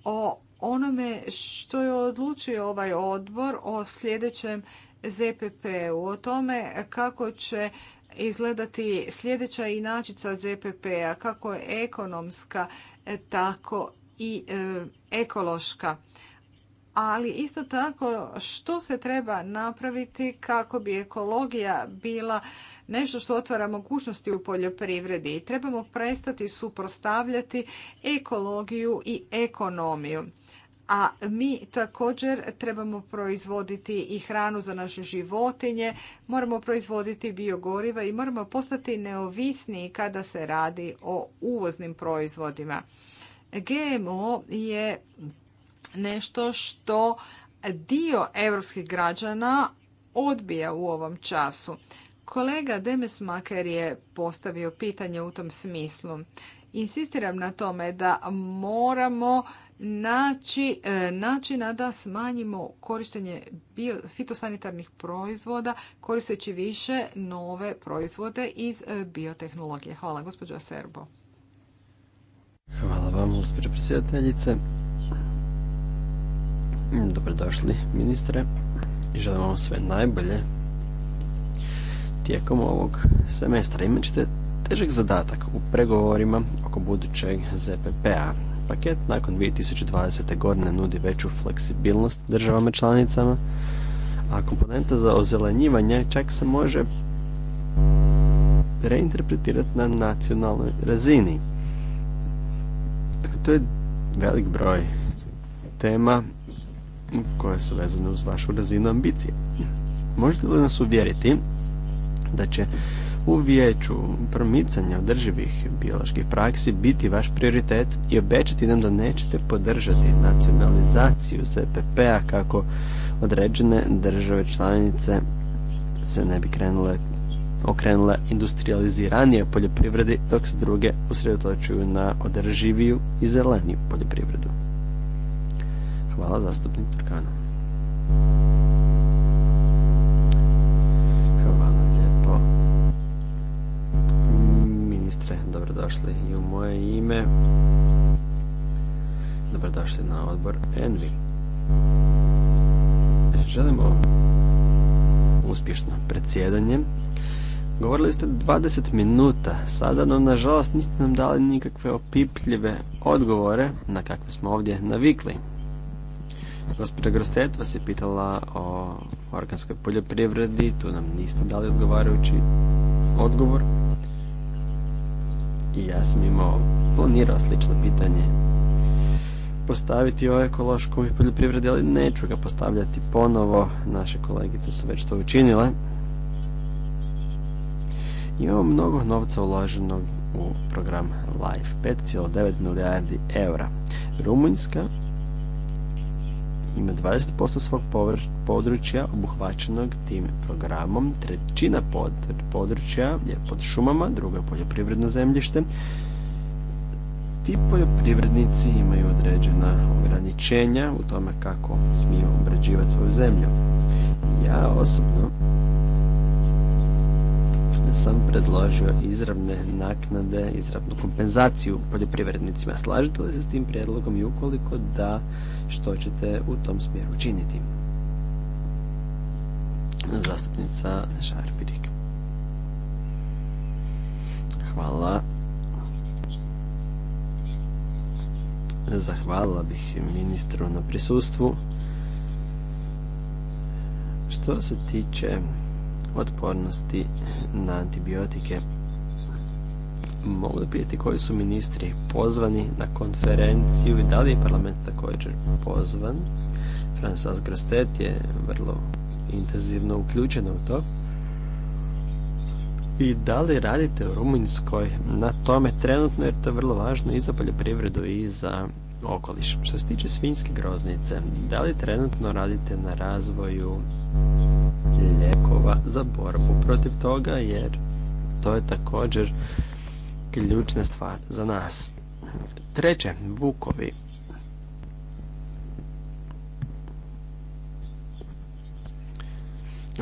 o onome što je odlučio ovaj odbor o sljedećem ZPP-u, o tome kako će izgledati sljedeća inačica ZPP-a, kako je ekonomska, e, tako i ekološka ali isto tako što se treba napraviti kako bi ekologija bila nešto što otvara mogućnosti u poljoprivredi. Trebamo prestati suprostavljati ekologiju i ekonomiju. A mi također trebamo proizvoditi i hranu za naše životinje, moramo proizvoditi biogoriva i moramo postati neovisniji kada se radi o uvoznim proizvodima. GMO je nešto što dio europskih građana odbija u ovom času. Kolega Demes Maker je postavio pitanje u tom smislu. Insistiram na tome da moramo naći e, načina da smanjimo korištenje fitosanitarnih proizvoda koristeći više nove proizvode iz e, biotehnologije. Hvala, gospođo Serbo. Hvala vam, gospođo predsjedateljice. Mm, dobrodošli ministre i želim vam sve najbolje tijekom ovog semestra. Imat ćete težak zadatak u pregovorima oko budućeg ZPP-a. Paket nakon 2020. godine nudi veću fleksibilnost državama članicama, a komponenta za ozelenjivanje čak se može reinterpretirati na nacionalnoj razini. Dakle, to je velik broj tema koje su vezane uz vašu razinu ambicije. Možete li nas uvjeriti da će u vijeću promicanja održivih bioloških praksi biti vaš prioritet i obećati nam da nećete podržati nacionalizaciju ZPP-a kako određene države članice se ne bi krenule, okrenule industrializiranije poljoprivredi dok se druge usredotočuju na održiviju i zeleniju poljoprivredu. Hvala zastupnik Turkano. Hvala lijepo. Ministre, dobrodošli i u moje ime. Dobrodošli na odbor Envi. Želimo uspješno predsjedanje. Govorili ste 20 minuta sada, no nažalost niste nam dali nikakve opipljive odgovore na kakve smo ovdje navikli. Gospođa Grostet vas je pitala o organskoj poljoprivredi, tu nam niste dali odgovarajući odgovor. I ja sam imao, planirao slično pitanje postaviti o ekološkoj poljoprivredi, ali neću ga postavljati ponovo. Naše kolegice su već to učinile. Imamo mnogo novca uloženog u program LIFE, 5,9 milijardi eura. Rumunjska ima 20% svog područja obuhvaćenog tim programom, trećina područja je pod šumama, drugo je poljoprivredno zemljište. Ti poljoprivrednici imaju određena ograničenja u tome kako smiju obrađivati svoju zemlju. Ja osobno sam predložio izravne naknade, izravnu kompenzaciju poljoprivrednicima. Slažete li se s tim prijedlogom i ukoliko da, što ćete u tom smjeru učiniti. Zastupnica Šarpirik. Hvala. Zahvalila bih ministru na prisustvu. Što se tiče otpornosti na antibiotike, mogu da pitati koji su ministri pozvani na konferenciju i da li je parlament također pozvan. Francis Grostet je vrlo intenzivno uključena u to. I da li radite u Rumunjskoj na tome trenutno jer to je vrlo važno i za poljoprivredu i za okoliš. Što se tiče svinjske groznice, da li trenutno radite na razvoju ljekova za borbu protiv toga jer to je također ključna stvar za nas. Treće, vukovi.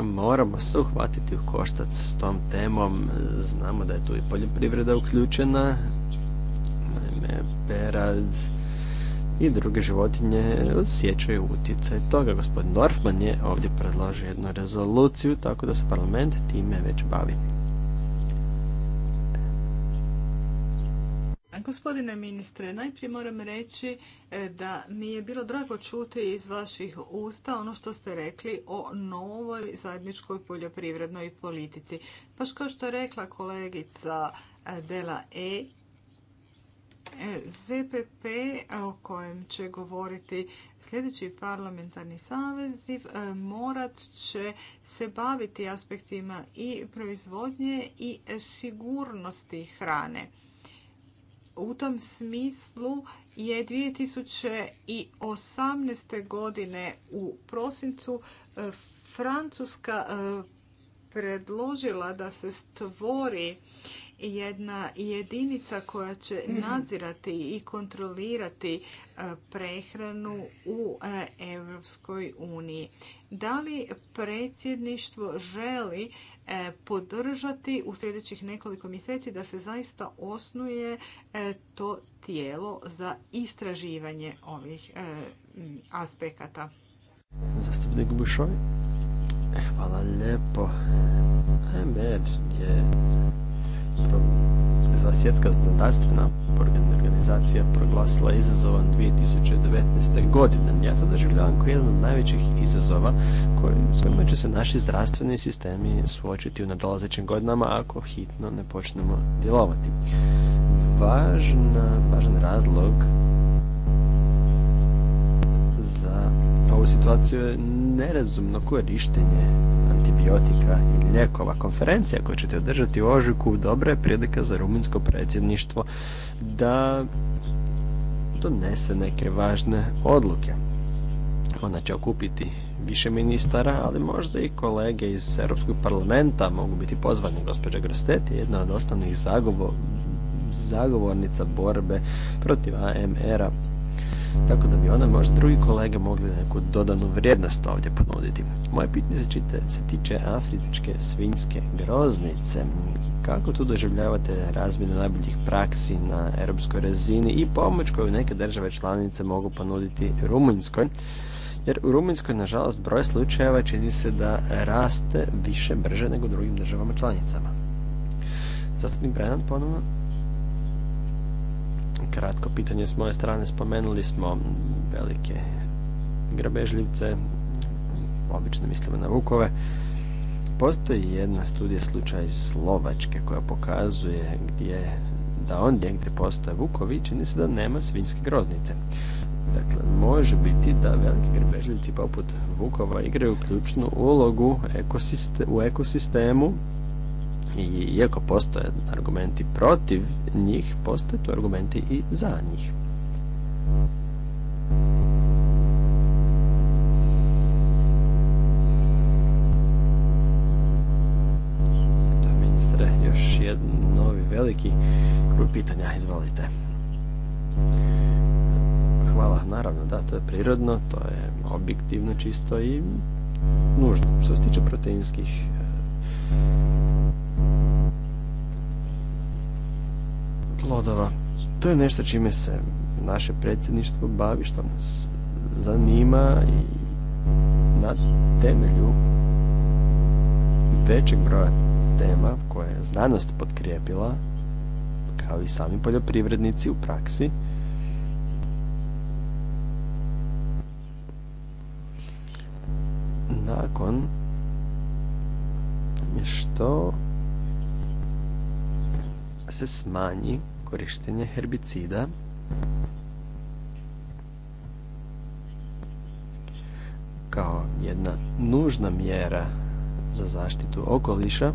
Moramo se uhvatiti u koštac s tom temom. Znamo da je tu i poljoprivreda uključena. Naime, perad i druge životinje osjećaju utjecaj toga. Gospodin Dorfman je ovdje predložio jednu rezoluciju, tako da se parlament time već bavi. Gospodine ministre, najprije moram reći e, da mi je bilo drago čuti iz vaših usta ono što ste rekli o novoj zajedničkoj poljoprivrednoj politici. Paš kao što je rekla kolegica e, Dela E, e ZPP o kojem će govoriti sljedeći parlamentarni saveziv morat će se baviti aspektima i proizvodnje i sigurnosti hrane. U tom smislu je 2018. godine u prosincu e, Francuska e, predložila da se stvori jedna jedinica koja će mhm. nadzirati i kontrolirati e, prehranu u Europskoj uniji. Da li predsjedništvo želi E, podržati u sljedećih nekoliko mjeseci da se zaista osnuje e, to tijelo za istraživanje ovih e, aspekata. Zastupnik Bušoj, hvala lijepo. MR je Svjetska zdravstvena organizacija proglasila 2019. godine. Ja to doživljavam kao jedan od najvećih izazova s kojima će se naši zdravstveni sistemi suočiti u nadolazećim godinama ako hitno ne počnemo djelovati. važan razlog za ovu situaciju je nerazumno korištenje antibiotika i ljekova Konferencija će ćete održati u ožujku dobra je prilika za rumunjsko predsjedništvo da donese neke važne odluke. Ona će okupiti više ministara, ali možda i kolege iz Europskog parlamenta mogu biti pozvani. Gospođa Grostet je jedna od osnovnih zagovornica borbe protiv AMR-a tako da bi onda možda drugi kolege mogli neku dodanu vrijednost ovdje ponuditi. Moje pitanje se tiče afričke svinjske groznice. Kako tu doživljavate razmjenu najboljih praksi na europskoj razini i pomoć koju neke države članice mogu ponuditi Rumunjskoj? Jer u Rumunjskoj, nažalost, broj slučajeva čini se da raste više brže nego u drugim državama članicama. Zastupnik Brennan ponovno kratko pitanje s moje strane. Spomenuli smo velike grabežljivce, obično mislimo na vukove. Postoji jedna studija slučaj iz Slovačke koja pokazuje gdje da ondje gdje postoje vukovi čini se da nema svinjske groznice. Dakle, može biti da veliki grebežljivci poput vukova igraju ključnu ulogu ekosiste, u ekosistemu i iako postoje argumenti protiv njih, postoje tu argumenti i za njih. Eto, ministre, još jedan novi veliki krug pitanja, izvolite. Hvala, naravno, da, to je prirodno, to je objektivno čisto i nužno. Što se tiče proteinskih plodova. To je nešto čime se naše predsjedništvo bavi, što nas zanima i na temelju većeg broja tema koje je znanost potkrijepila, kao i sami poljoprivrednici u praksi, nakon što se smanji korištenje herbicida kao jedna nužna mjera za zaštitu okoliša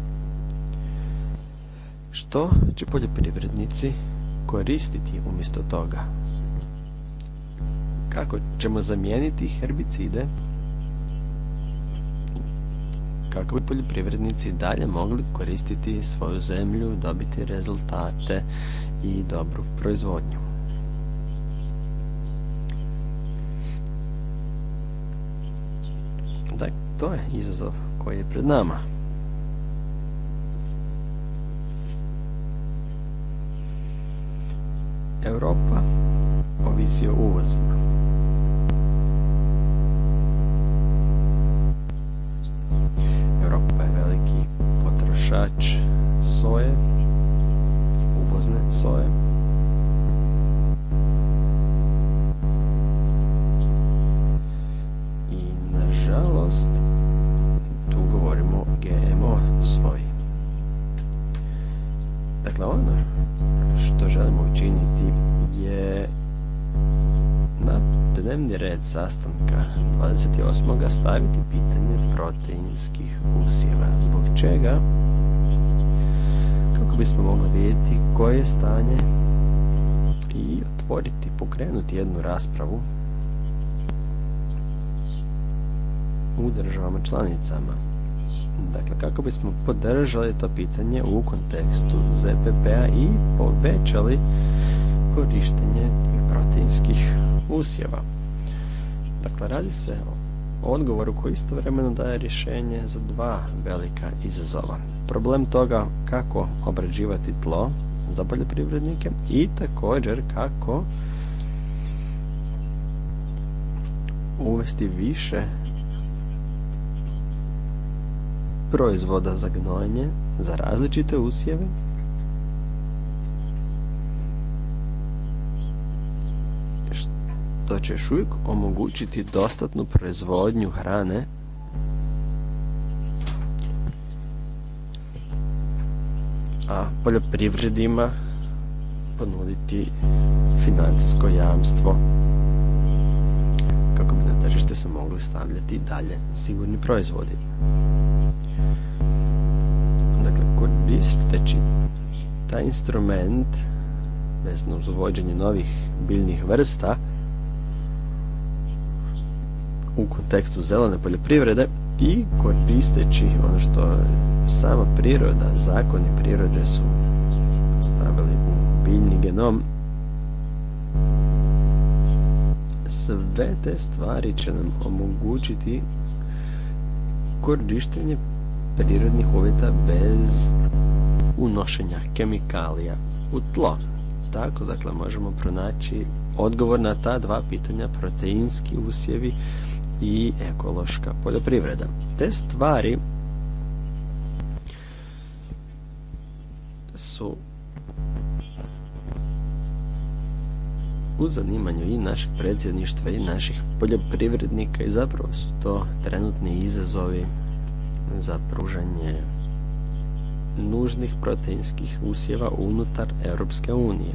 što će poljoprivrednici koristiti umjesto toga. Kako ćemo zamijeniti herbicide kako bi poljoprivrednici dalje mogli koristiti svoju zemlju, dobiti rezultate i dobru proizvodnju. Dakle, to je izazov koji je pred nama. Europa ovisi o uvozima. potrošač soje, uvozne soje. I nažalost, tu govorimo o GMO soji. Dakle, ono što želimo učiniti je na dnevni red sastanka 28. staviti pitanje proteinskih usjeva. Zbog čega? Kako bismo mogli vidjeti koje je stanje i otvoriti, pokrenuti jednu raspravu u državama članicama. Dakle, kako bismo podržali to pitanje u kontekstu ZPP-a i povećali korištenje tih proteinskih usjeva. Dakle, radi se o odgovoru koji istovremeno daje rješenje za dva velika izazova. Problem toga kako obrađivati tlo za poljoprivrednike i također kako uvesti više proizvoda za gnojenje za različite usjeve To će još uvijek omogućiti dostatnu proizvodnju hrane a poljoprivredima ponuditi financijsko jamstvo tržište se mogli stavljati dalje sigurni proizvodi. Dakle, koristeći taj instrument vezano uz uvođenje novih biljnih vrsta u kontekstu zelene poljoprivrede i koristeći ono što sama priroda, zakoni prirode su stavili u biljni genom sve te stvari će nam omogućiti korištenje prirodnih uvjeta bez unošenja kemikalija u tlo. Tako, dakle, možemo pronaći odgovor na ta dva pitanja, proteinski usjevi i ekološka poljoprivreda. Te stvari su u zanimanju i našeg predsjedništva i naših poljoprivrednika i zapravo su to trenutni izazovi za pružanje nužnih proteinskih usjeva unutar Europske unije.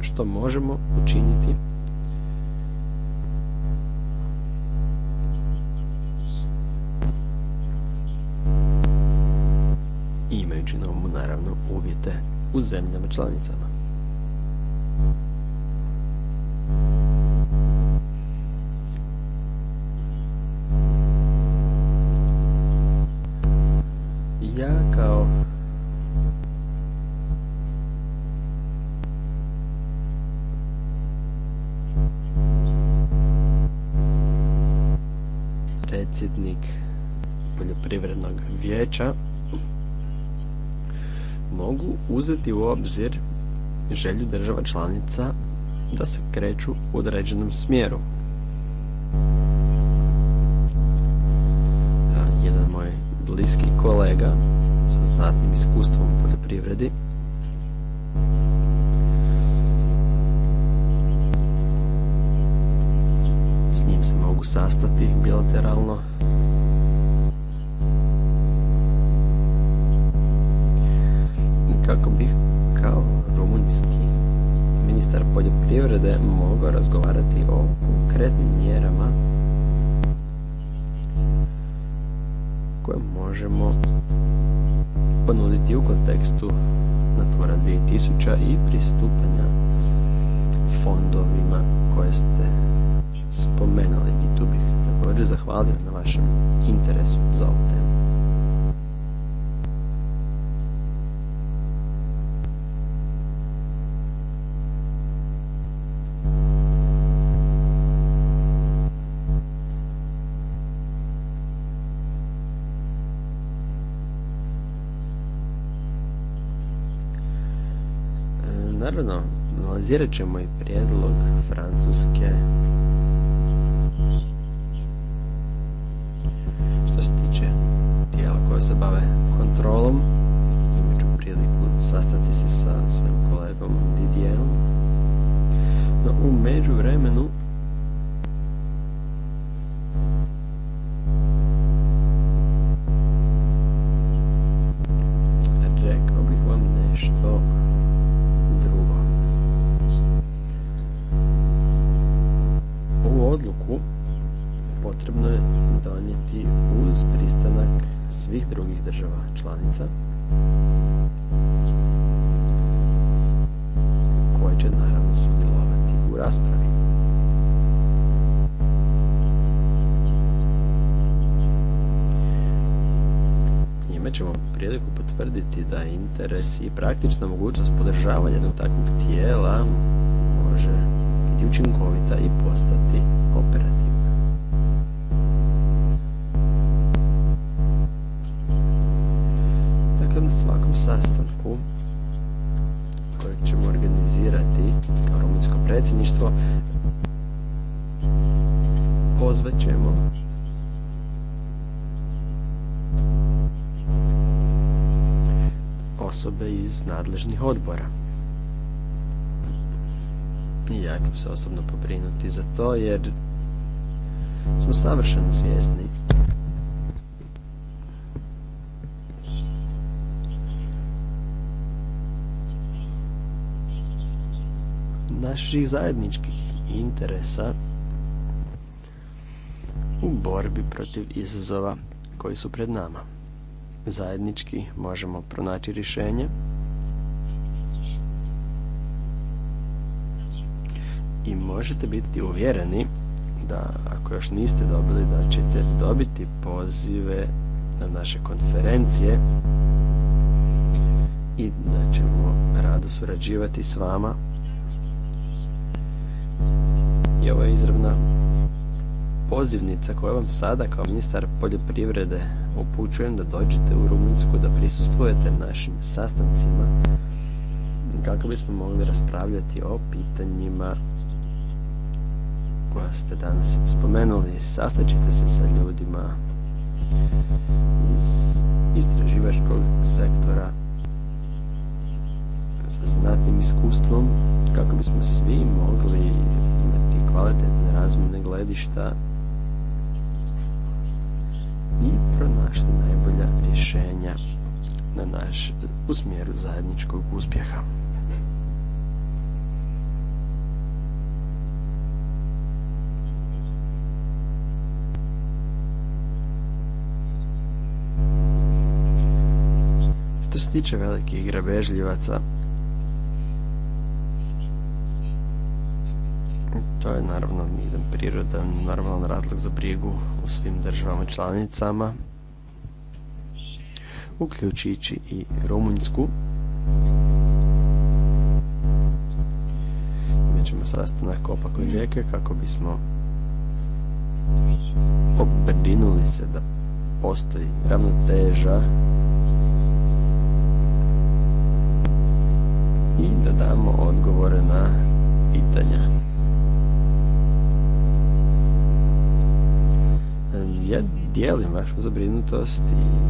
Što možemo učiniti? Imajući na umu naravno uvjete u zemljama članicama. Ja kao predsjednik poljoprivrednog vijeća mogu uzeti u obzir želju država članica da se kreću u određenom smjeru. Jedan moj bliski kolega sa znatnim iskustvom u poljoprivredi s njim se mogu sastati bilateralno kako bih kao rumunjski ministar poljoprivrede mogao razgovarati o konkretnim mjerama koje možemo ponuditi u kontekstu Natura 2000 i pristupanja fondovima koje ste spomenuli. I tu bih također zahvalio na vašem interesu za ovu temu. analizirat ćemo i prijedlog Francuske što se tiče tijela koje se bave kontrolom imat ću priliku sastati se sa svojim kolegom Didierom no u vremenu svih drugih država članica koje će naravno sudjelovati u raspravi. Njime ćemo priliku potvrditi da interes i praktična mogućnost podržavanja jednog takvog tijela može biti učinkovita i postati sastanku kojeg ćemo organizirati kao rumunjsko predsjedništvo pozvat ćemo osobe iz nadležnih odbora. I ja ću se osobno pobrinuti za to jer smo savršeno svjesni naših zajedničkih interesa u borbi protiv izazova koji su pred nama. Zajednički možemo pronaći rješenje i možete biti uvjereni da ako još niste dobili da ćete dobiti pozive na naše konferencije i da ćemo rado surađivati s vama i ovo je izravna pozivnica koja vam sada kao ministar poljoprivrede upućujem da dođete u Rumunjsku da prisustvujete našim sastancima kako bismo mogli raspravljati o pitanjima koja ste danas spomenuli. Sastaćete se sa ljudima iz istraživačkog sektora, sa znatnim iskustvom kako bismo svi mogli imati kvalitetne razmjene gledišta i pronašli najbolja rješenja na naš, u smjeru zajedničkog uspjeha. Što se tiče velikih grabežljivaca, to je naravno jedan prirodan, normalan razlog za brigu u svim državama članicama, uključujući i Rumunjsku. Imat ćemo sastanak opak od rijeke kako bismo obrinuli se da postoji ravnoteža i da damo odgovore na pitanja. Ja dijelim vašu zabrinutost i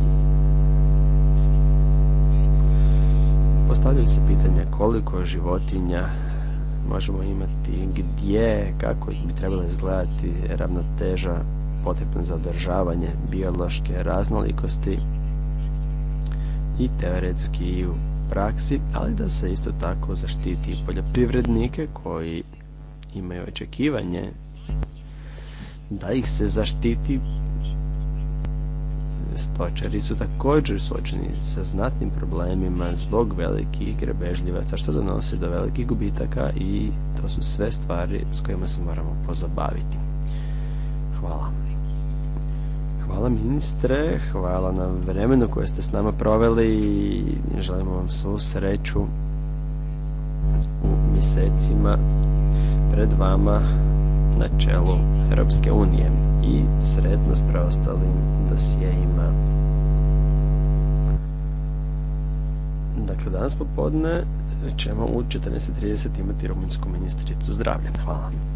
postavljaju se pitanja koliko životinja možemo imati, gdje, kako bi trebalo izgledati ravnoteža potrebna za održavanje biološke raznolikosti i teoretski i u praksi, ali da se isto tako zaštiti poljoprivrednike koji imaju očekivanje da ih se zaštiti stočari su također suočeni sa znatnim problemima zbog velikih grebežljivaca što donosi do velikih gubitaka i to su sve stvari s kojima se moramo pozabaviti. Hvala. Hvala ministre, hvala na vremenu koje ste s nama proveli i želimo vam svu sreću u mjesecima pred vama na čelu Europske unije i sredno s preostalim dosijejima. Dakle, danas popodne ćemo u 14.30 imati rumunjsku ministricu zdravlja. Hvala.